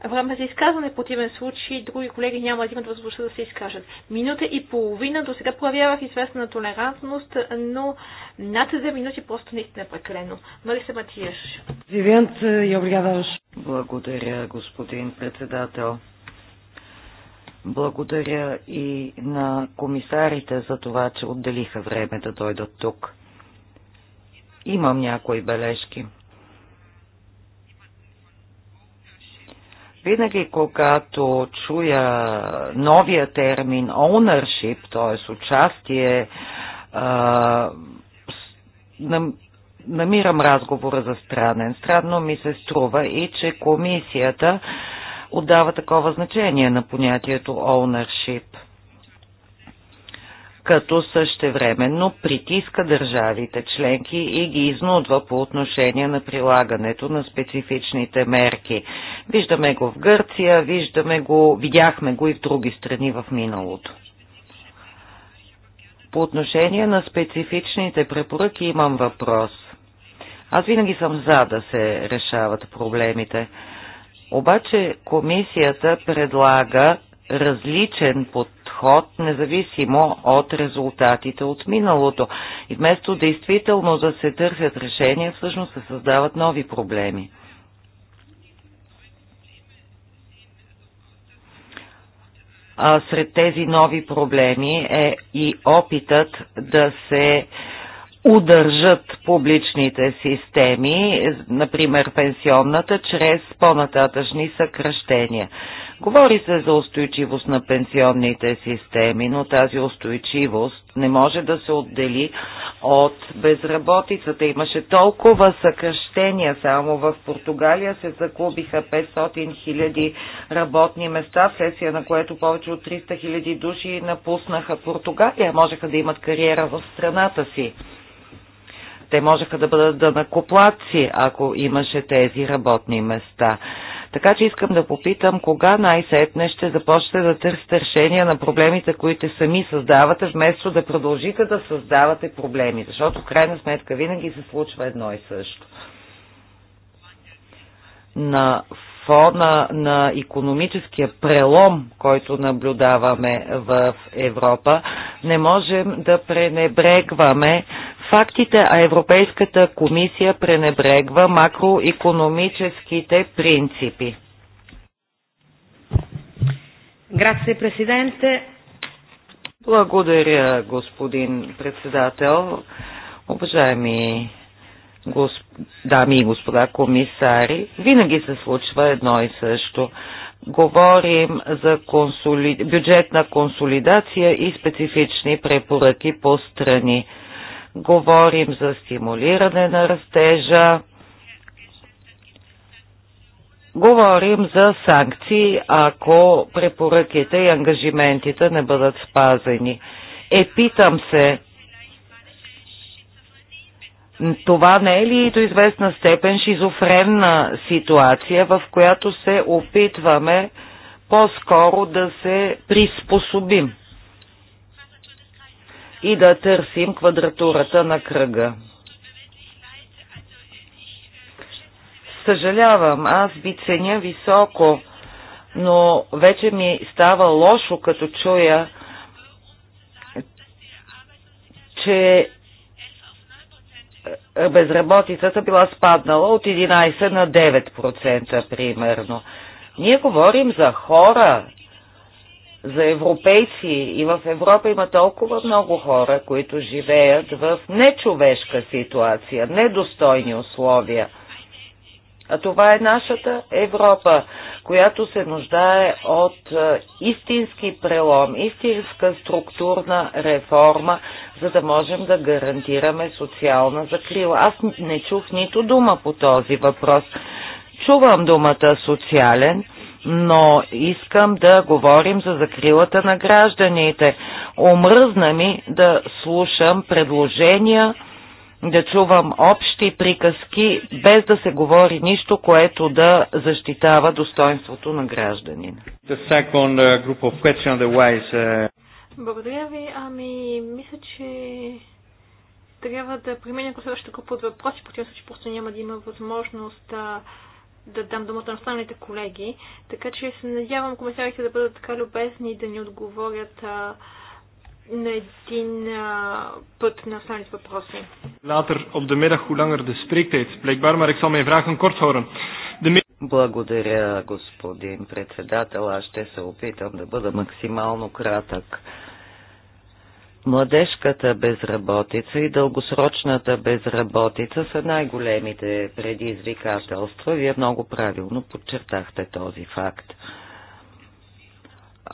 време за изказване. по противен случай други колеги няма да имат възможност да се изкажат. Минута и половина до сега проявявах известна толерантност, но над две минути просто наистина е прекалено. Нали се Матиеш. Вивент я е, обрядаваш. Благодаря, господин председател. Благодаря и на комисарите за това, че отделиха време да дойдат тук. Имам някои бележки. Винаги, когато чуя новия термин ownership, т.е. участие, намирам разговора за странен. Странно ми се струва и че комисията отдава такова значение на понятието ownership – като същевременно притиска държавите членки и ги изнудва по отношение на прилагането на специфичните мерки. Виждаме го в Гърция, виждаме го, видяхме го и в други страни в миналото. По отношение на специфичните препоръки имам въпрос. Аз винаги съм за да се решават проблемите. Обаче комисията предлага различен подход подход, независимо от резултатите от миналото. И вместо действително да се търсят решения, всъщност се създават нови проблеми. А сред тези нови проблеми е и опитът да се удържат публичните системи, например пенсионната, чрез по-нататъчни съкръщения. Говори се за устойчивост на пенсионните системи, но тази устойчивост не може да се отдели от безработицата. Имаше толкова съкръщения, само в Португалия се закубиха 500 хиляди работни места, сесия на което повече от 300 хиляди души напуснаха Португалия, можеха да имат кариера в страната си. Те можеха да бъдат данакоплаци, ако имаше тези работни места. Така че искам да попитам, кога най-сетне ще започнете да търсите решения на проблемите, които сами създавате, вместо да продължите да създавате проблеми, защото в крайна сметка винаги се случва едно и също. На фона на економическия прелом, който наблюдаваме в Европа, не можем да пренебрегваме фактите, а Европейската комисия пренебрегва макроекономическите принципи. Грация, президенте. Благодаря, господин председател. Уважаеми госп... дами и господа комисари, винаги се случва едно и също. Говорим за консоли... бюджетна консолидация и специфични препоръки по страни. Говорим за стимулиране на растежа. Говорим за санкции, ако препоръките и ангажиментите не бъдат спазени. Е, питам се, това не е ли до известна степен шизофренна ситуация, в която се опитваме по-скоро да се приспособим и да търсим квадратурата на кръга? Съжалявам, аз би ценя високо, но вече ми става лошо, като чуя, че безработицата била спаднала от 11 на 9% примерно. Ние говорим за хора, за европейци и в Европа има толкова много хора, които живеят в нечовешка ситуация, недостойни условия – а това е нашата Европа, която се нуждае от е, истински прелом, истинска структурна реформа, за да можем да гарантираме социална закрила. Аз не чух нито дума по този въпрос. Чувам думата социален, но искам да говорим за закрилата на гражданите. Омръзна ми да слушам предложения да чувам общи приказки, без да се говори нищо, което да защитава достоинството на гражданина. Uh, uh, Благодаря ви. Ами, мисля, че трябва да преминем към следващата група от въпроси, по този случай просто няма да има възможност да, да дам думата на останалите колеги. Така че се надявам комисарите да бъдат така любезни да ни отговорят а, на един а, път на останалите въпроси. Later op de middag hoe langer de spreektijd, blijkbaar, maar ik zal mijn vragen kort houden. De... Благодаря, господин председател. Аз ще се опитам да бъда максимално кратък. Младежката безработица и дългосрочната безработица са най-големите предизвикателства. Вие много правилно подчертахте този факт.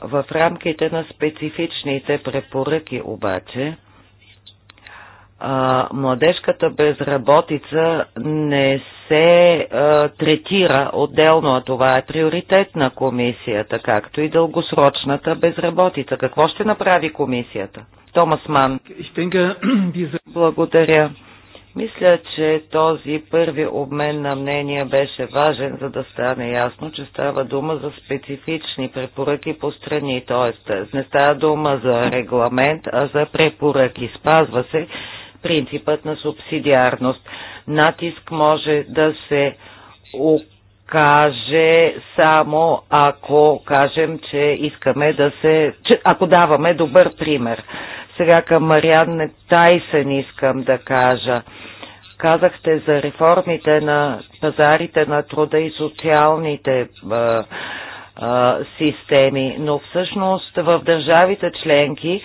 В рамките на специфичните препоръки обаче, младежката безработица не се третира отделно, а това е приоритет на комисията, както и дългосрочната безработица. Какво ще направи комисията? Томас Ман. Благодаря. Мисля, че този първи обмен на мнения беше важен, за да стане ясно, че става дума за специфични препоръки по страни, т.е. не става дума за регламент, а за препоръки. Спазва се принципът на субсидиарност. Натиск може да се окаже само ако кажем, че искаме да се... Че, ако даваме добър пример. Сега към Мариан Тайсен искам да кажа. Казахте за реформите на пазарите на труда и социалните а, а, системи, но всъщност в държавите членки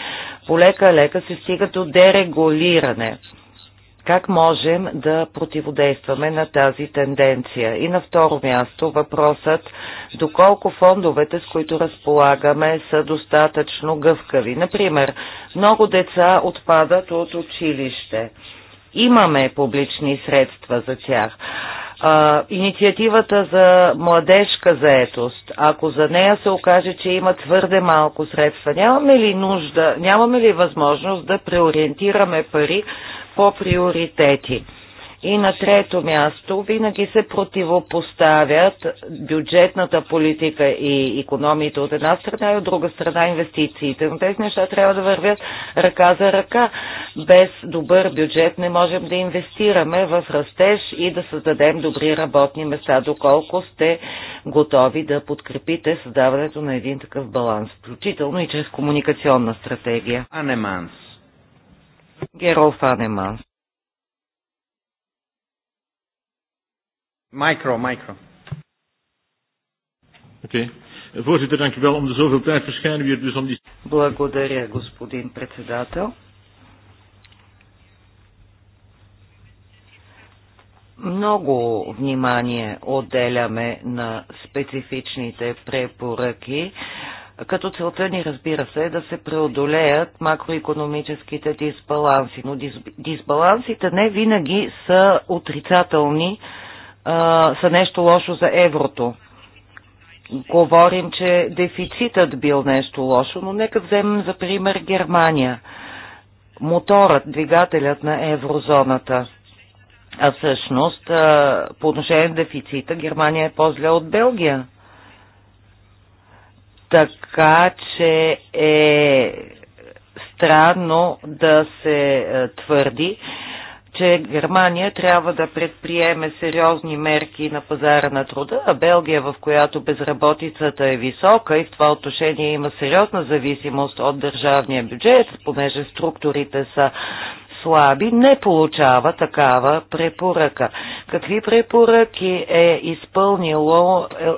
полека-лека се стига до дерегулиране. Как можем да противодействаме на тази тенденция? И на второ място въпросът доколко фондовете, с които разполагаме, са достатъчно гъвкави. Например, много деца отпадат от училище. Имаме публични средства за тях. А, инициативата за младежка заетост, ако за нея се окаже, че има твърде малко средства, нямаме ли нужда, нямаме ли възможност да преориентираме пари по приоритети. И на трето място винаги се противопоставят бюджетната политика и економиите от една страна и от друга страна инвестициите. Но тези неща трябва да вървят ръка за ръка. Без добър бюджет не можем да инвестираме в растеж и да създадем добри работни места, доколко сте готови да подкрепите създаването на един такъв баланс, включително и чрез комуникационна стратегия. Анеманс. Герол Фанеман. Micro, micro. Okay. Voorzitter, dank u wel. Om de zoveel tijd verschijnen dus om die... Благодаря, господин председател. Много внимание отделяме на специфичните препоръки като целта ни разбира се е да се преодолеят макроекономическите дисбаланси. Но дисбалансите не винаги са отрицателни, а, са нещо лошо за еврото. Говорим, че дефицитът бил нещо лошо, но нека вземем за пример Германия. Моторът, двигателят на еврозоната. А всъщност, по отношение на дефицита, Германия е по-зле от Белгия. Така че е странно да се е, твърди, че Германия трябва да предприеме сериозни мерки на пазара на труда, а Белгия, в която безработицата е висока и в това отношение има сериозна зависимост от държавния бюджет, понеже структурите са слаби, не получава такава препоръка. Какви препоръки е изпълнило е,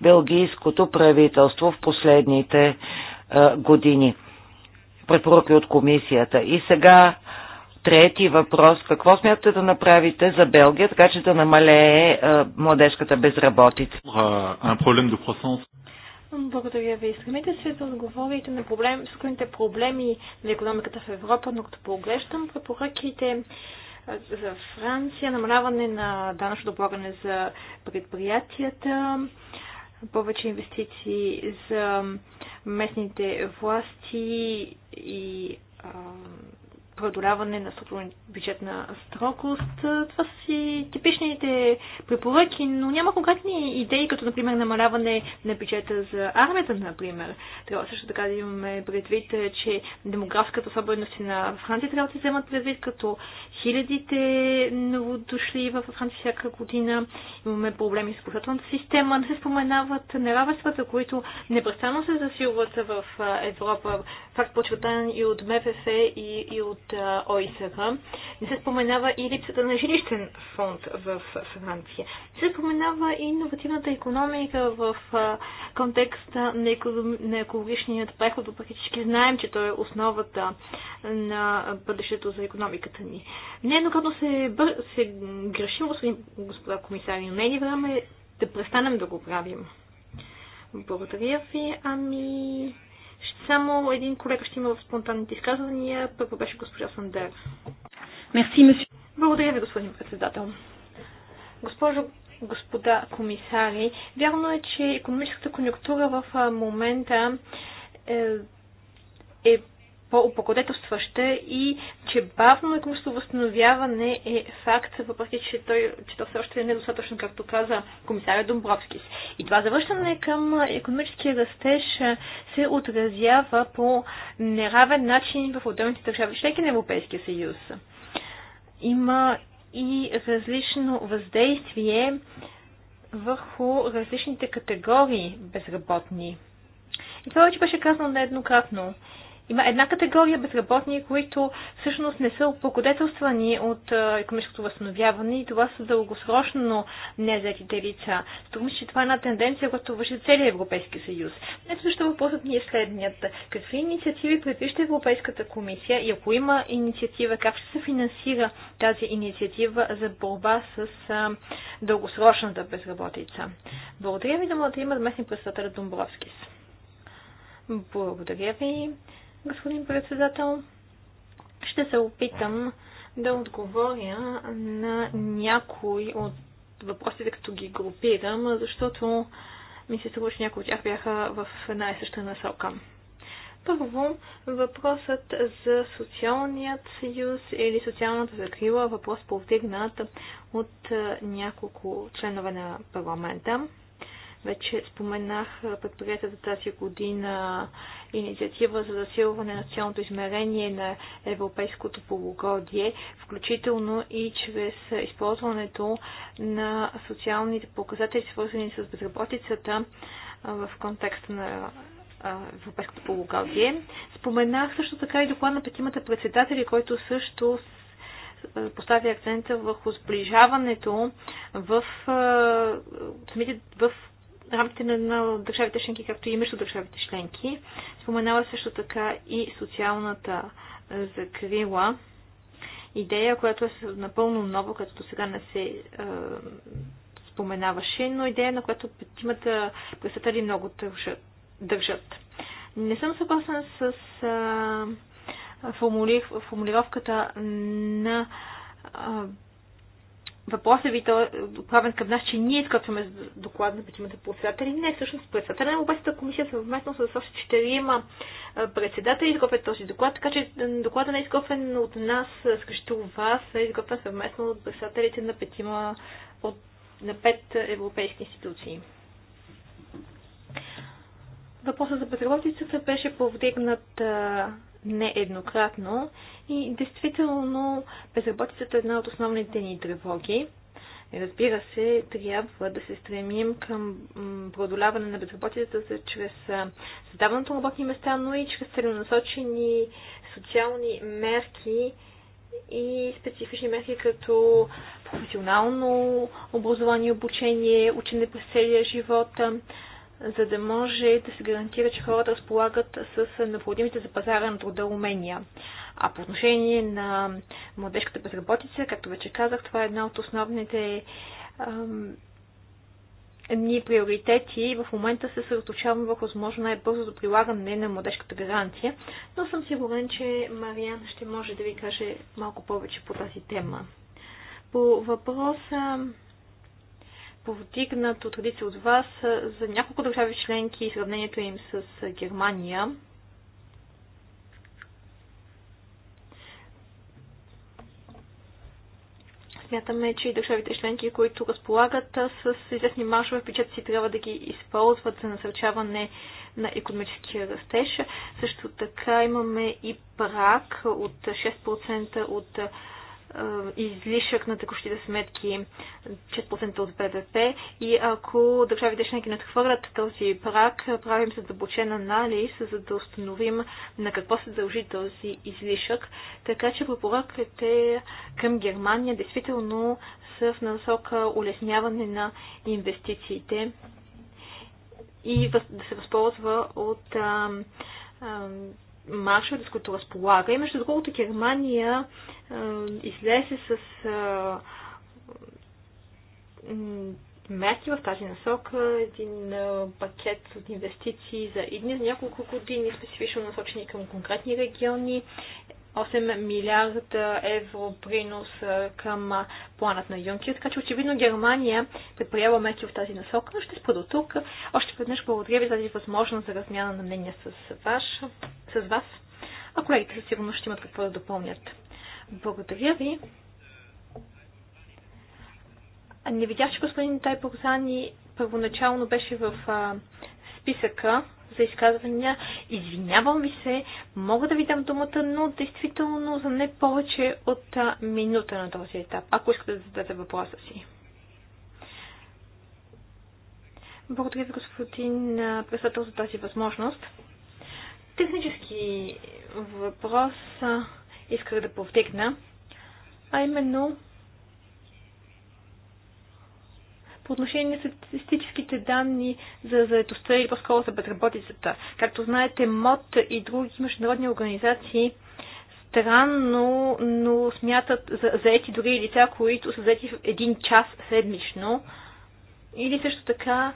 белгийското правителство в последните е, години. Препоръки от комисията. И сега трети въпрос. Какво смятате да направите за Белгия, така че да намалее е, младежката безработица? Благодаря ви. Искамите се да отговорите на проблем, скрините проблеми на економиката в Европа, но като поглеждам препоръките е, за Франция, намаляване на данъчно облагане за предприятията, повече инвестиции за местните власти и преодоляване на структурна бюджетна строгост. Това са си типичните препоръки, но няма конкретни идеи, като например намаляване на бюджета за армията, например. Трябва също така да имаме предвид, че демографската особеност на Франция трябва да се вземат предвид, като хилядите новодошли в Франция всяка година. Имаме проблеми с посетната система, да се споменават неравенствата, които непрестанно се засилват в Европа. Факт почетан и от МФФ и, и от от ОИСР. Не се споменава и липсата на жилищен фонд в Франция. Не се споменава и иновативната економика в контекста на екологичният преход, въпреки всички знаем, че той е основата на бъдещето за економиката ни. Нееднократно се, бър... се грешим, господа комисари, но не е време да престанем да го правим. Благодаря ви, ами... Само един колега ще има в спонтанните изказвания. Първо беше госпожа Сандер. Мерси, месье. Благодаря ви, господин председател. Госпожо господа комисари, вярно е, че економическата конъюнктура в момента е, е по-облагодетелстваща и че бавно економическо възстановяване е факт, въпреки че, той, че то все още е недостатъчно, както каза комисаря Домбровскис. И това завършване към економическия растеж се отразява по неравен начин в отделните държави, членки на Европейския съюз. Има и различно въздействие върху различните категории безработни. И това вече беше казано нееднократно. Има една категория безработни, които всъщност не са благодетелствани от економическото възстановяване и това са дългосрочно незаетите лица. Струва че това е една тенденция, която върши целият целия Европейски съюз. Ето защо въпросът ни е следният. Какви инициативи предвижда Европейската комисия и ако има инициатива, как ще се финансира тази инициатива за борба с дългосрочната безработица? Благодаря ви, думата има заместник представителя Домбровскис. Благодаря ви. Господин председател, ще се опитам да отговоря на някои от въпросите, като ги групирам, защото ми се струва, че някои от тях бяха в една и съща насока. Първо, въпросът за социалният съюз или социалната закрила, въпрос повдигнат от няколко членове на парламента. Вече споменах предприятията тази година инициатива за засилване на социалното измерение на европейското полугодие, включително и чрез използването на социалните показатели, свързани с безработицата в контекста на европейското полугодие. Споменах също така и доклад на петимата председатели, който също поставя акцента върху сближаването в, в рамките на, на държавите членки, както и между държавите членки. Споменава също така и социалната закрила. Идея, която е напълно нова, като до сега не се е, споменаваше, но идея, на която петимата представители много държат. държат. Не съм съгласен с е, формулировката на е, въпросът е ви е отправен към нас, че ние изготвяме доклад на петимата председатели. Не, всъщност председателя на обаче комисия съвместно с още четирима председатели изготвят този доклад, така че докладът не е изготвен от нас срещу вас, е изготвен съвместно от председателите на петима от, на пет европейски институции. Въпросът за безработицата беше повдигнат нееднократно и действително безработицата е една от основните ни тревоги. Разбира се, трябва да се стремим към продоляване на безработицата чрез създаването на работни места, но и чрез целенасочени социални мерки и специфични мерки като професионално образование, обучение, учене през целия живот, за да може да се гарантира, че хората разполагат с необходимите за пазара на труда умения. А по отношение на младежката безработица, както вече казах, това е една от основните ни приоритети. В момента се съсредоточаваме върху възможно най-бързото прилагане на младежката гаранция, но съм сигурен, че Мариан ще може да ви каже малко повече по тази тема. По въпроса повдигнат от от вас за няколко държави членки и сравнението им с Германия. Смятаме, че и държавите членки, които разполагат с известни маршове в бюджета си, трябва да ги използват за насърчаване на економическия растеж. Също така имаме и прак от 6% от излишък на текущите сметки 4% от БВП и ако държавите членки надхвърлят този прак, правим задълбочен анализ, за да установим на какво се дължи този излишък. Така че препоръките към Германия действително са в насока улесняване на инвестициите и да се възползва от маршал, с който разполага. И между другото Германия е, излезе с е, мерки в тази насока, един е, пакет от инвестиции за едни за няколко години, специфично насочени към конкретни региони. 8 милиарда евро принос към планът на Юнкер. Така че очевидно Германия предприява мерки в тази насока, но ще спра до тук. Още веднъж благодаря ви за тази възможност за размяна на мнения с, ваш, с вас. А колегите със сигурност ще имат какво да допълнят. Благодаря ви. Не видях, че господин Тайпорзани първоначално беше в списъка за изказвания. Извинявам ви се, мога да ви дам думата, но действително за не повече от минута на този етап, ако искате да зададете въпроса си. Благодаря ви, господин председател, за тази възможност. Технически въпрос исках да повдигна, а именно по отношение на статистическите данни за заедостта или по-скоро за безработицата. Както знаете, МОД и други международни организации странно, но смятат за заети дори лица, които са заети в един час седмично. Или също така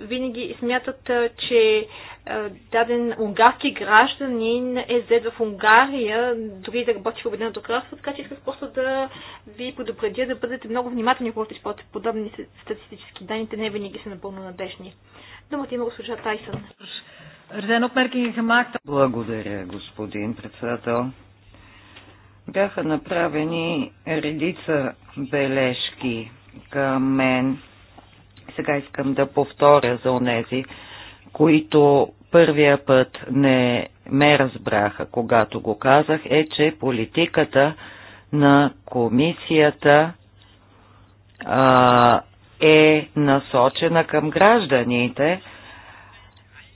винаги смятат, че даден унгарски гражданин е зед в Унгария, дори да работи в Обединеното кралство, така че исках просто да ви предупредя да бъдете много внимателни, когато използвате подобни статистически данни, те не винаги са напълно надежни. Думата има госпожа Тайсън. Благодаря, господин председател. Бяха направени редица бележки към мен сега искам да повторя за онези, които първия път не ме разбраха, когато го казах, е, че политиката на комисията а, е насочена към гражданите,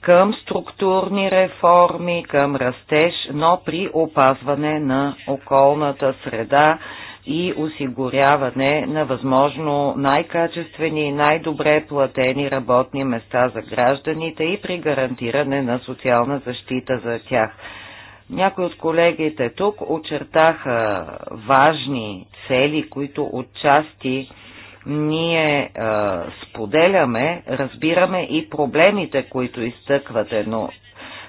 към структурни реформи, към растеж, но при опазване на околната среда, и осигуряване на възможно най-качествени и най-добре платени работни места за гражданите и при гарантиране на социална защита за тях. Някои от колегите тук очертаха важни цели, които отчасти ние а, споделяме, разбираме и проблемите, които изтъквате, но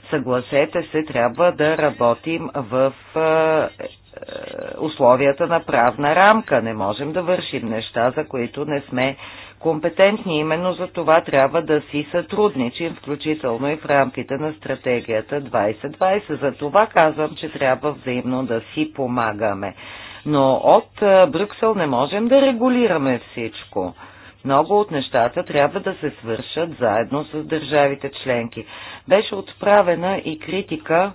съгласете се, трябва да работим в а, е, условията на правна рамка. Не можем да вършим неща, за които не сме компетентни. Именно за това трябва да си сътрудничим, включително и в рамките на стратегията 2020. За това казвам, че трябва взаимно да си помагаме. Но от е, Брюксел не можем да регулираме всичко. Много от нещата трябва да се свършат заедно с държавите членки. Беше отправена и критика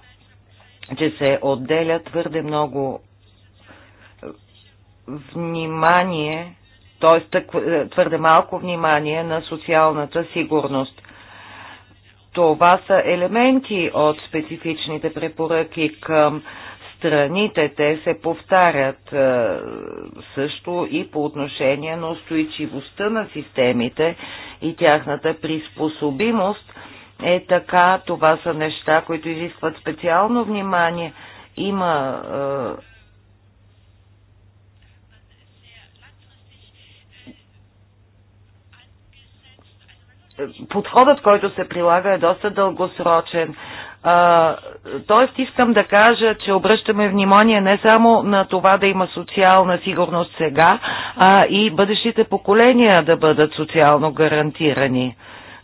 че се отделя твърде много е, внимание, т.е. Е, твърде малко внимание на социалната сигурност. Това са елементи от специфичните препоръки към страните. Те се повтарят е, също и по отношение на устойчивостта на системите и тяхната приспособимост е така. Това са неща, които изискват специално внимание. Има е, подходът, който се прилага е доста дългосрочен. А, тоест искам да кажа, че обръщаме внимание не само на това да има социална сигурност сега, а и бъдещите поколения да бъдат социално гарантирани.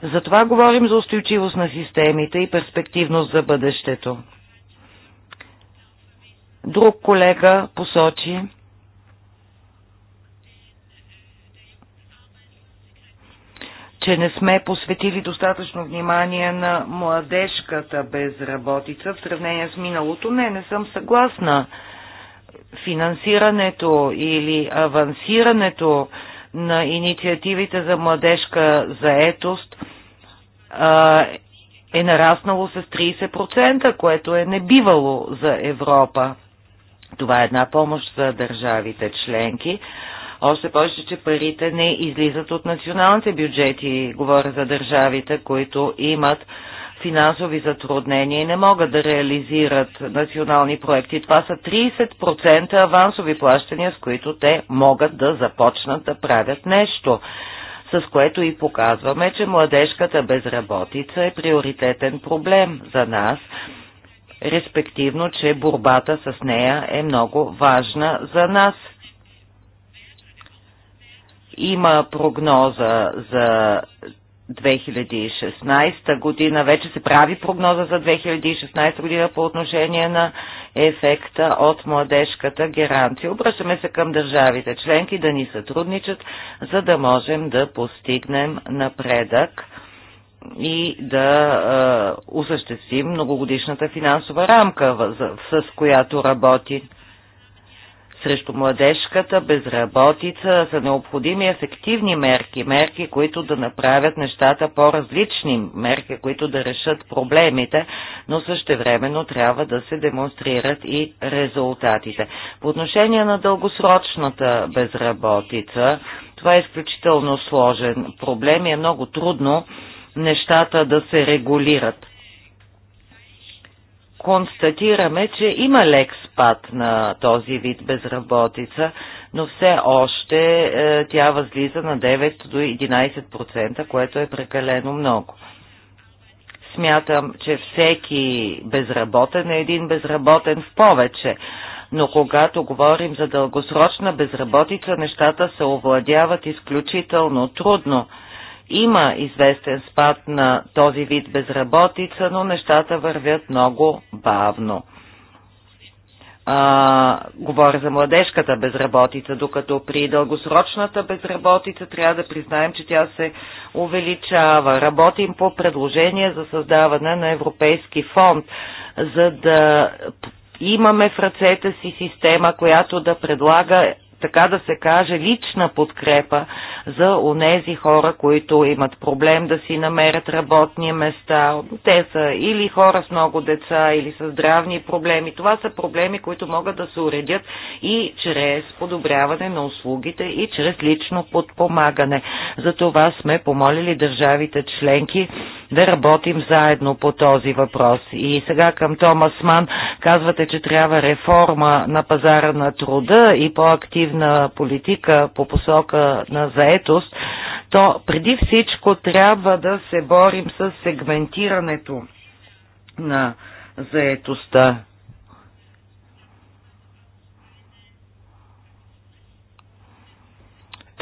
Затова говорим за устойчивост на системите и перспективност за бъдещето. Друг колега посочи, че не сме посветили достатъчно внимание на младежката безработица в сравнение с миналото. Не, не съм съгласна. Финансирането или авансирането на инициативите за младежка заетост е нараснало с 30%, което е небивало за Европа. Това е една помощ за държавите членки. Още повече, че парите не излизат от националните бюджети, говоря за държавите, които имат финансови затруднения и не могат да реализират национални проекти. Това са 30% авансови плащания, с които те могат да започнат да правят нещо с което и показваме, че младежката безработица е приоритетен проблем за нас, респективно, че борбата с нея е много важна за нас. Има прогноза за 2016 година. Вече се прави прогноза за 2016 година по отношение на ефекта от младежката гаранция. Обръщаме се към държавите членки да ни сътрудничат, за да можем да постигнем напредък и да е, осъществим многогодишната финансова рамка, с която работи срещу младежката безработица са необходими ефективни мерки, мерки, които да направят нещата по-различни, мерки, които да решат проблемите, но същевременно трябва да се демонстрират и резултатите. По отношение на дългосрочната безработица, това е изключително сложен проблем и е много трудно нещата да се регулират констатираме, че има лек спад на този вид безработица, но все още е, тя възлиза на 9 до 11%, което е прекалено много. Смятам, че всеки безработен е един безработен в повече, но когато говорим за дългосрочна безработица, нещата се овладяват изключително трудно – има известен спад на този вид безработица, но нещата вървят много бавно. А, говоря за младежката безработица, докато при дългосрочната безработица трябва да признаем, че тя се увеличава. Работим по предложение за създаване на Европейски фонд, за да имаме в ръцете си система, която да предлага така да се каже, лична подкрепа за онези хора, които имат проблем да си намерят работни места. Те са или хора с много деца, или с здравни проблеми. Това са проблеми, които могат да се уредят и чрез подобряване на услугите и чрез лично подпомагане. За това сме помолили държавите членки да работим заедно по този въпрос. И сега към Томас Ман казвате, че трябва реформа на пазара на труда и по-активна политика по посока на заетост, то преди всичко трябва да се борим с сегментирането на заетостта.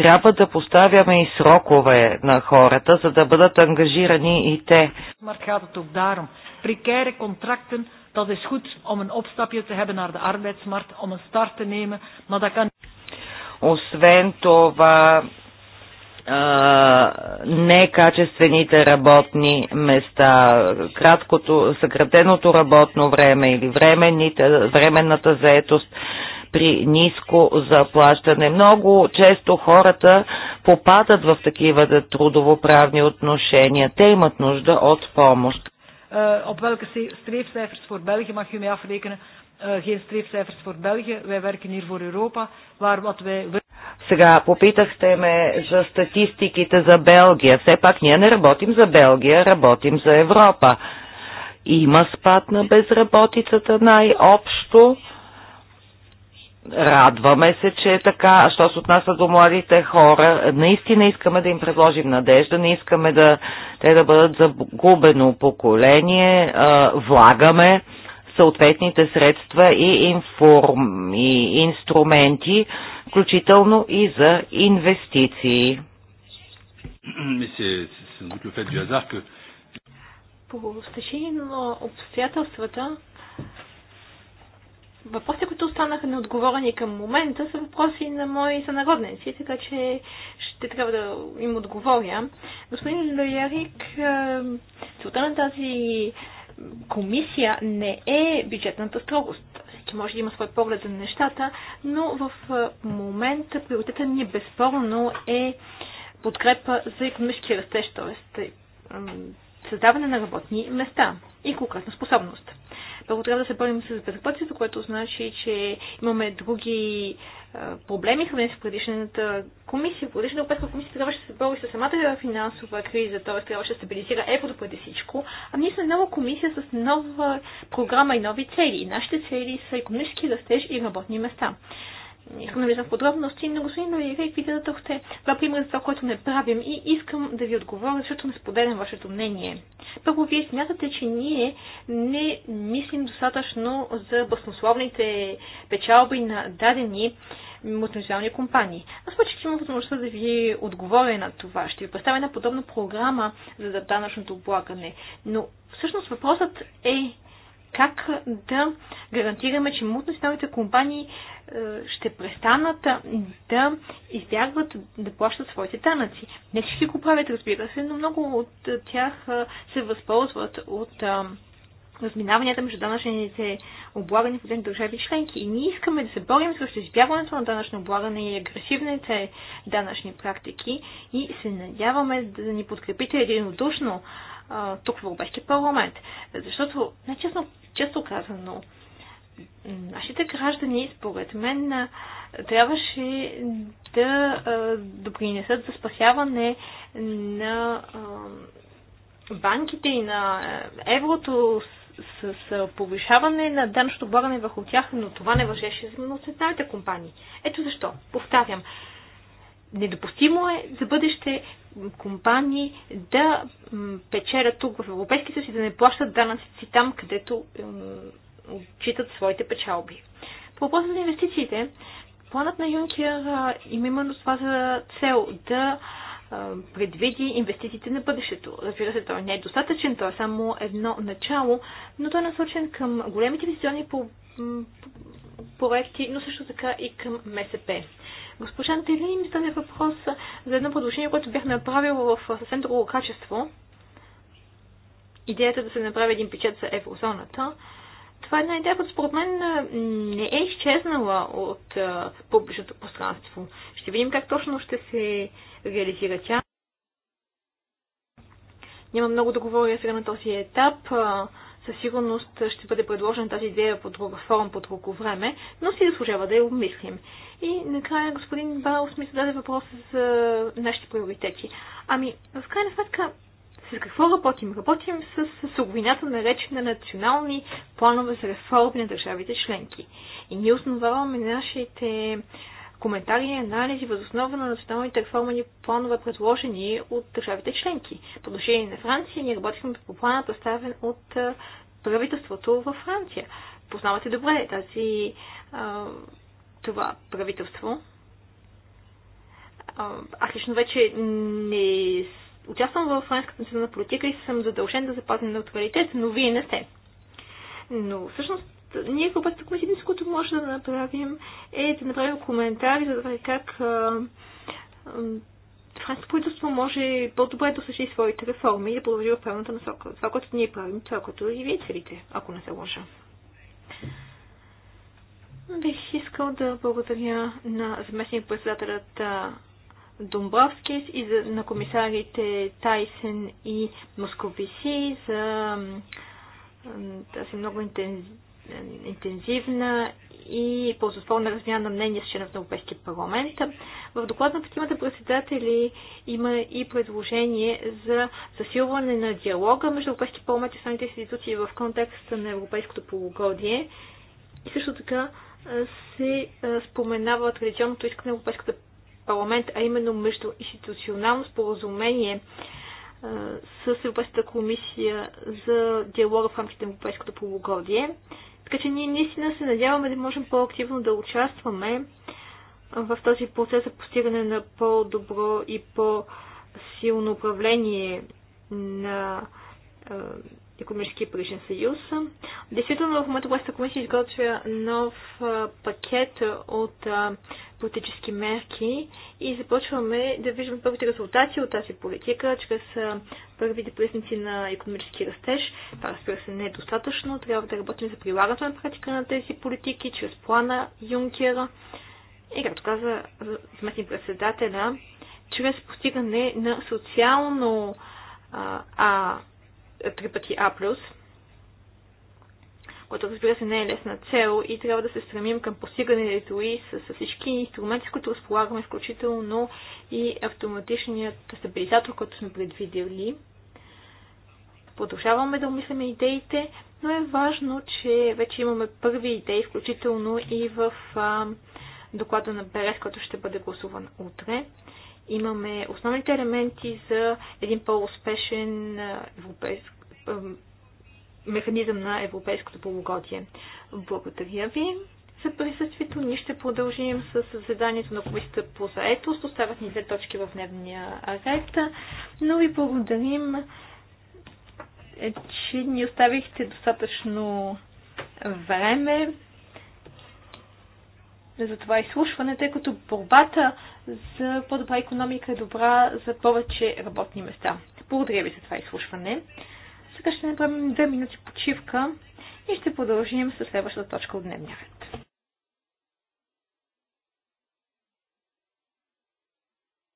Трябва да поставяме и срокове на хората, за да бъдат ангажирани и те. Maar dat is goed om een opstapje te hebben naar de arbeidsmarkt, om een start te nemen, maar dat kan... Освен това, некачествените работни места, краткото, съкратеното работно време или временната заетост при ниско заплащане. Много често хората попадат в такива да трудовоправни отношения. Те имат нужда от помощ. Е, е, geen streefcijfers voor België. Wij werken hier voor Europa, waar wat wij... Сега попитахте ме за статистиките за Белгия. Все пак ние не работим за Белгия, работим за Европа. Има спад на безработицата най-общо. Радваме се, че е така. А що се отнася до младите хора, наистина искаме да им предложим надежда, не искаме да, те да бъдат загубено поколение. влагаме съответните средства и, информ, и инструменти, включително и за инвестиции. По стечение на обстоятелствата, Въпросите, които останаха неотговорени към момента, са въпроси на мои сънародници, така че ще трябва да им отговоря. Господин Лоярик, е, целта на тази комисия не е бюджетната строгост. Всеки може да има свой поглед за нещата, но в е, момента приоритета ни безспорно е подкрепа за економическия растеж, т.е. създаване на работни места и конкретна способност. Първо трябва да се борим с безработицата, което значи, че имаме други проблеми, хвани с предишната комисия. Предишната Европейска комисия трябваше да се бори с самата финансова криза, т.е. трябваше да стабилизира еврото преди всичко. А ние сме нова комисия с нова програма и нови цели. Нашите цели са економически растеж и работни места не искам да влизам в подробности, но господин Ноливейк, ви дадохте два примера за това, което не правим и искам да ви отговоря, защото не споделям вашето мнение. Първо, вие смятате, че ние не мислим достатъчно за баснословните печалби на дадени мултинационални компании. Аз обаче имам възможността да ви отговоря на това. Ще ви представя една подобна програма за данъчното облагане. Но всъщност въпросът е как да гарантираме, че мултинационалните компании е, ще престанат да избягват да плащат своите данъци. Не всички го правят, разбира се, но много от тях е, се възползват от е, разминаванията между данъчните облагани в отделни държави членки. И ние искаме да се борим срещу избягването на данъчно облагане и агресивните данъчни практики и се надяваме да ни подкрепите единодушно тук в Европейския парламент. Защото, най-честно често казано, нашите граждани, според мен, трябваше да допринесат за спасяване на банките и на еврото с, с повишаване на данното облагане върху тях, но това не въжеше за националните компании. Ето защо, повтарям, недопустимо е за бъдеще компании да печелят тук в Европейския съюз и да не плащат данъци там, където отчитат своите печалби. По въпроса за инвестициите, планът на Юнкер има именно това за цел да предвиди инвестициите на бъдещето. Разбира се, той не е достатъчен, той е само едно начало, но той е насочен към големите инвестиционни проекти, но също така и към МСП. Госпожа Телин, ми стане въпрос за едно предложение, което бях направила в съвсем друго качество. Идеята да се направи един печат за еврозоната. Това е една идея, която според мен не е изчезнала от публичното пространство. Ще видим как точно ще се реализира тя. Няма много да говоря сега на този етап със сигурност ще бъде предложена тази идея по друга форма, по друго време, но си заслужава да я обмислим. И накрая господин Баус ми зададе въпрос за нашите приоритети. Ами, в крайна сметка, с какво работим? Работим с суровината наречена национални планове за реформи на държавите членки. И ние основаваме нашите коментари и анализи въз основа на националните реформени планове, предложени от държавите членки. По отношение на Франция, ние работихме по плана, представен от правителството във Франция. Познавате добре тази, а, това правителство. А, аз лично вече не участвам в френската национална политика и съм задължен да запазя неутралитет, но вие не сте. Но всъщност ние в Европейската комисия с което може да направим е да направим коментари за това как а, Франското правителство може по-добре да осъществи своите реформи и да продължи в правилната насока. Това, което ние правим, това, което и вие целите, ако не се лъжа. Бих искал да благодаря на заместник председателят Домбровски и на комисарите Тайсен и Московиси за тази много интензивна и ползотворна размяна на мнения с членове на Европейския парламент. В доклад на петимата председатели има и предложение за засилване на диалога между Европейския парламент и останалите институции в контекста на европейското полугодие. И също така се споменава традиционното искане на Европейската парламент, а именно между институционално споразумение с Европейската комисия за диалога в рамките на Европейското полугодие. Така че ние наистина се надяваме да можем по-активно да участваме в този процес за постигане на по-добро и по-силно управление на Економически паричен съюз. Действително в момента Властта комисия изготвя нов пакет от политически мерки и започваме да виждаме първите резултати от тази политика, чрез първите признаци на економически растеж. Това разбира се не е достатъчно. Трябва да работим за прилагането на практика на тези политики, чрез плана Юнкера. И както каза заместник председателя, чрез постигане на социално а, а, три пъти А+, което разбира се не е лесна цел и трябва да се стремим към постигането и с, с всички инструменти, с които разполагаме, включително и автоматичният стабилизатор, който сме предвидели. Продължаваме да умисляме идеите, но е важно, че вече имаме първи идеи, включително и в а, доклада на БРС, който ще бъде гласуван утре имаме основните елементи за един по-успешен европейск механизъм на европейското полугодие. Благодаря ви за присъствието. Ние ще продължим с заседанието на комисията по заетост. Остават ни две точки в дневния ред, но ви благодарим, е, че ни оставихте достатъчно време за това изслушване, тъй като борбата за по-добра економика е добра за повече работни места. Благодаря ви за това изслушване. Сега ще направим две минути почивка и ще продължим с следващата точка от дневния ред.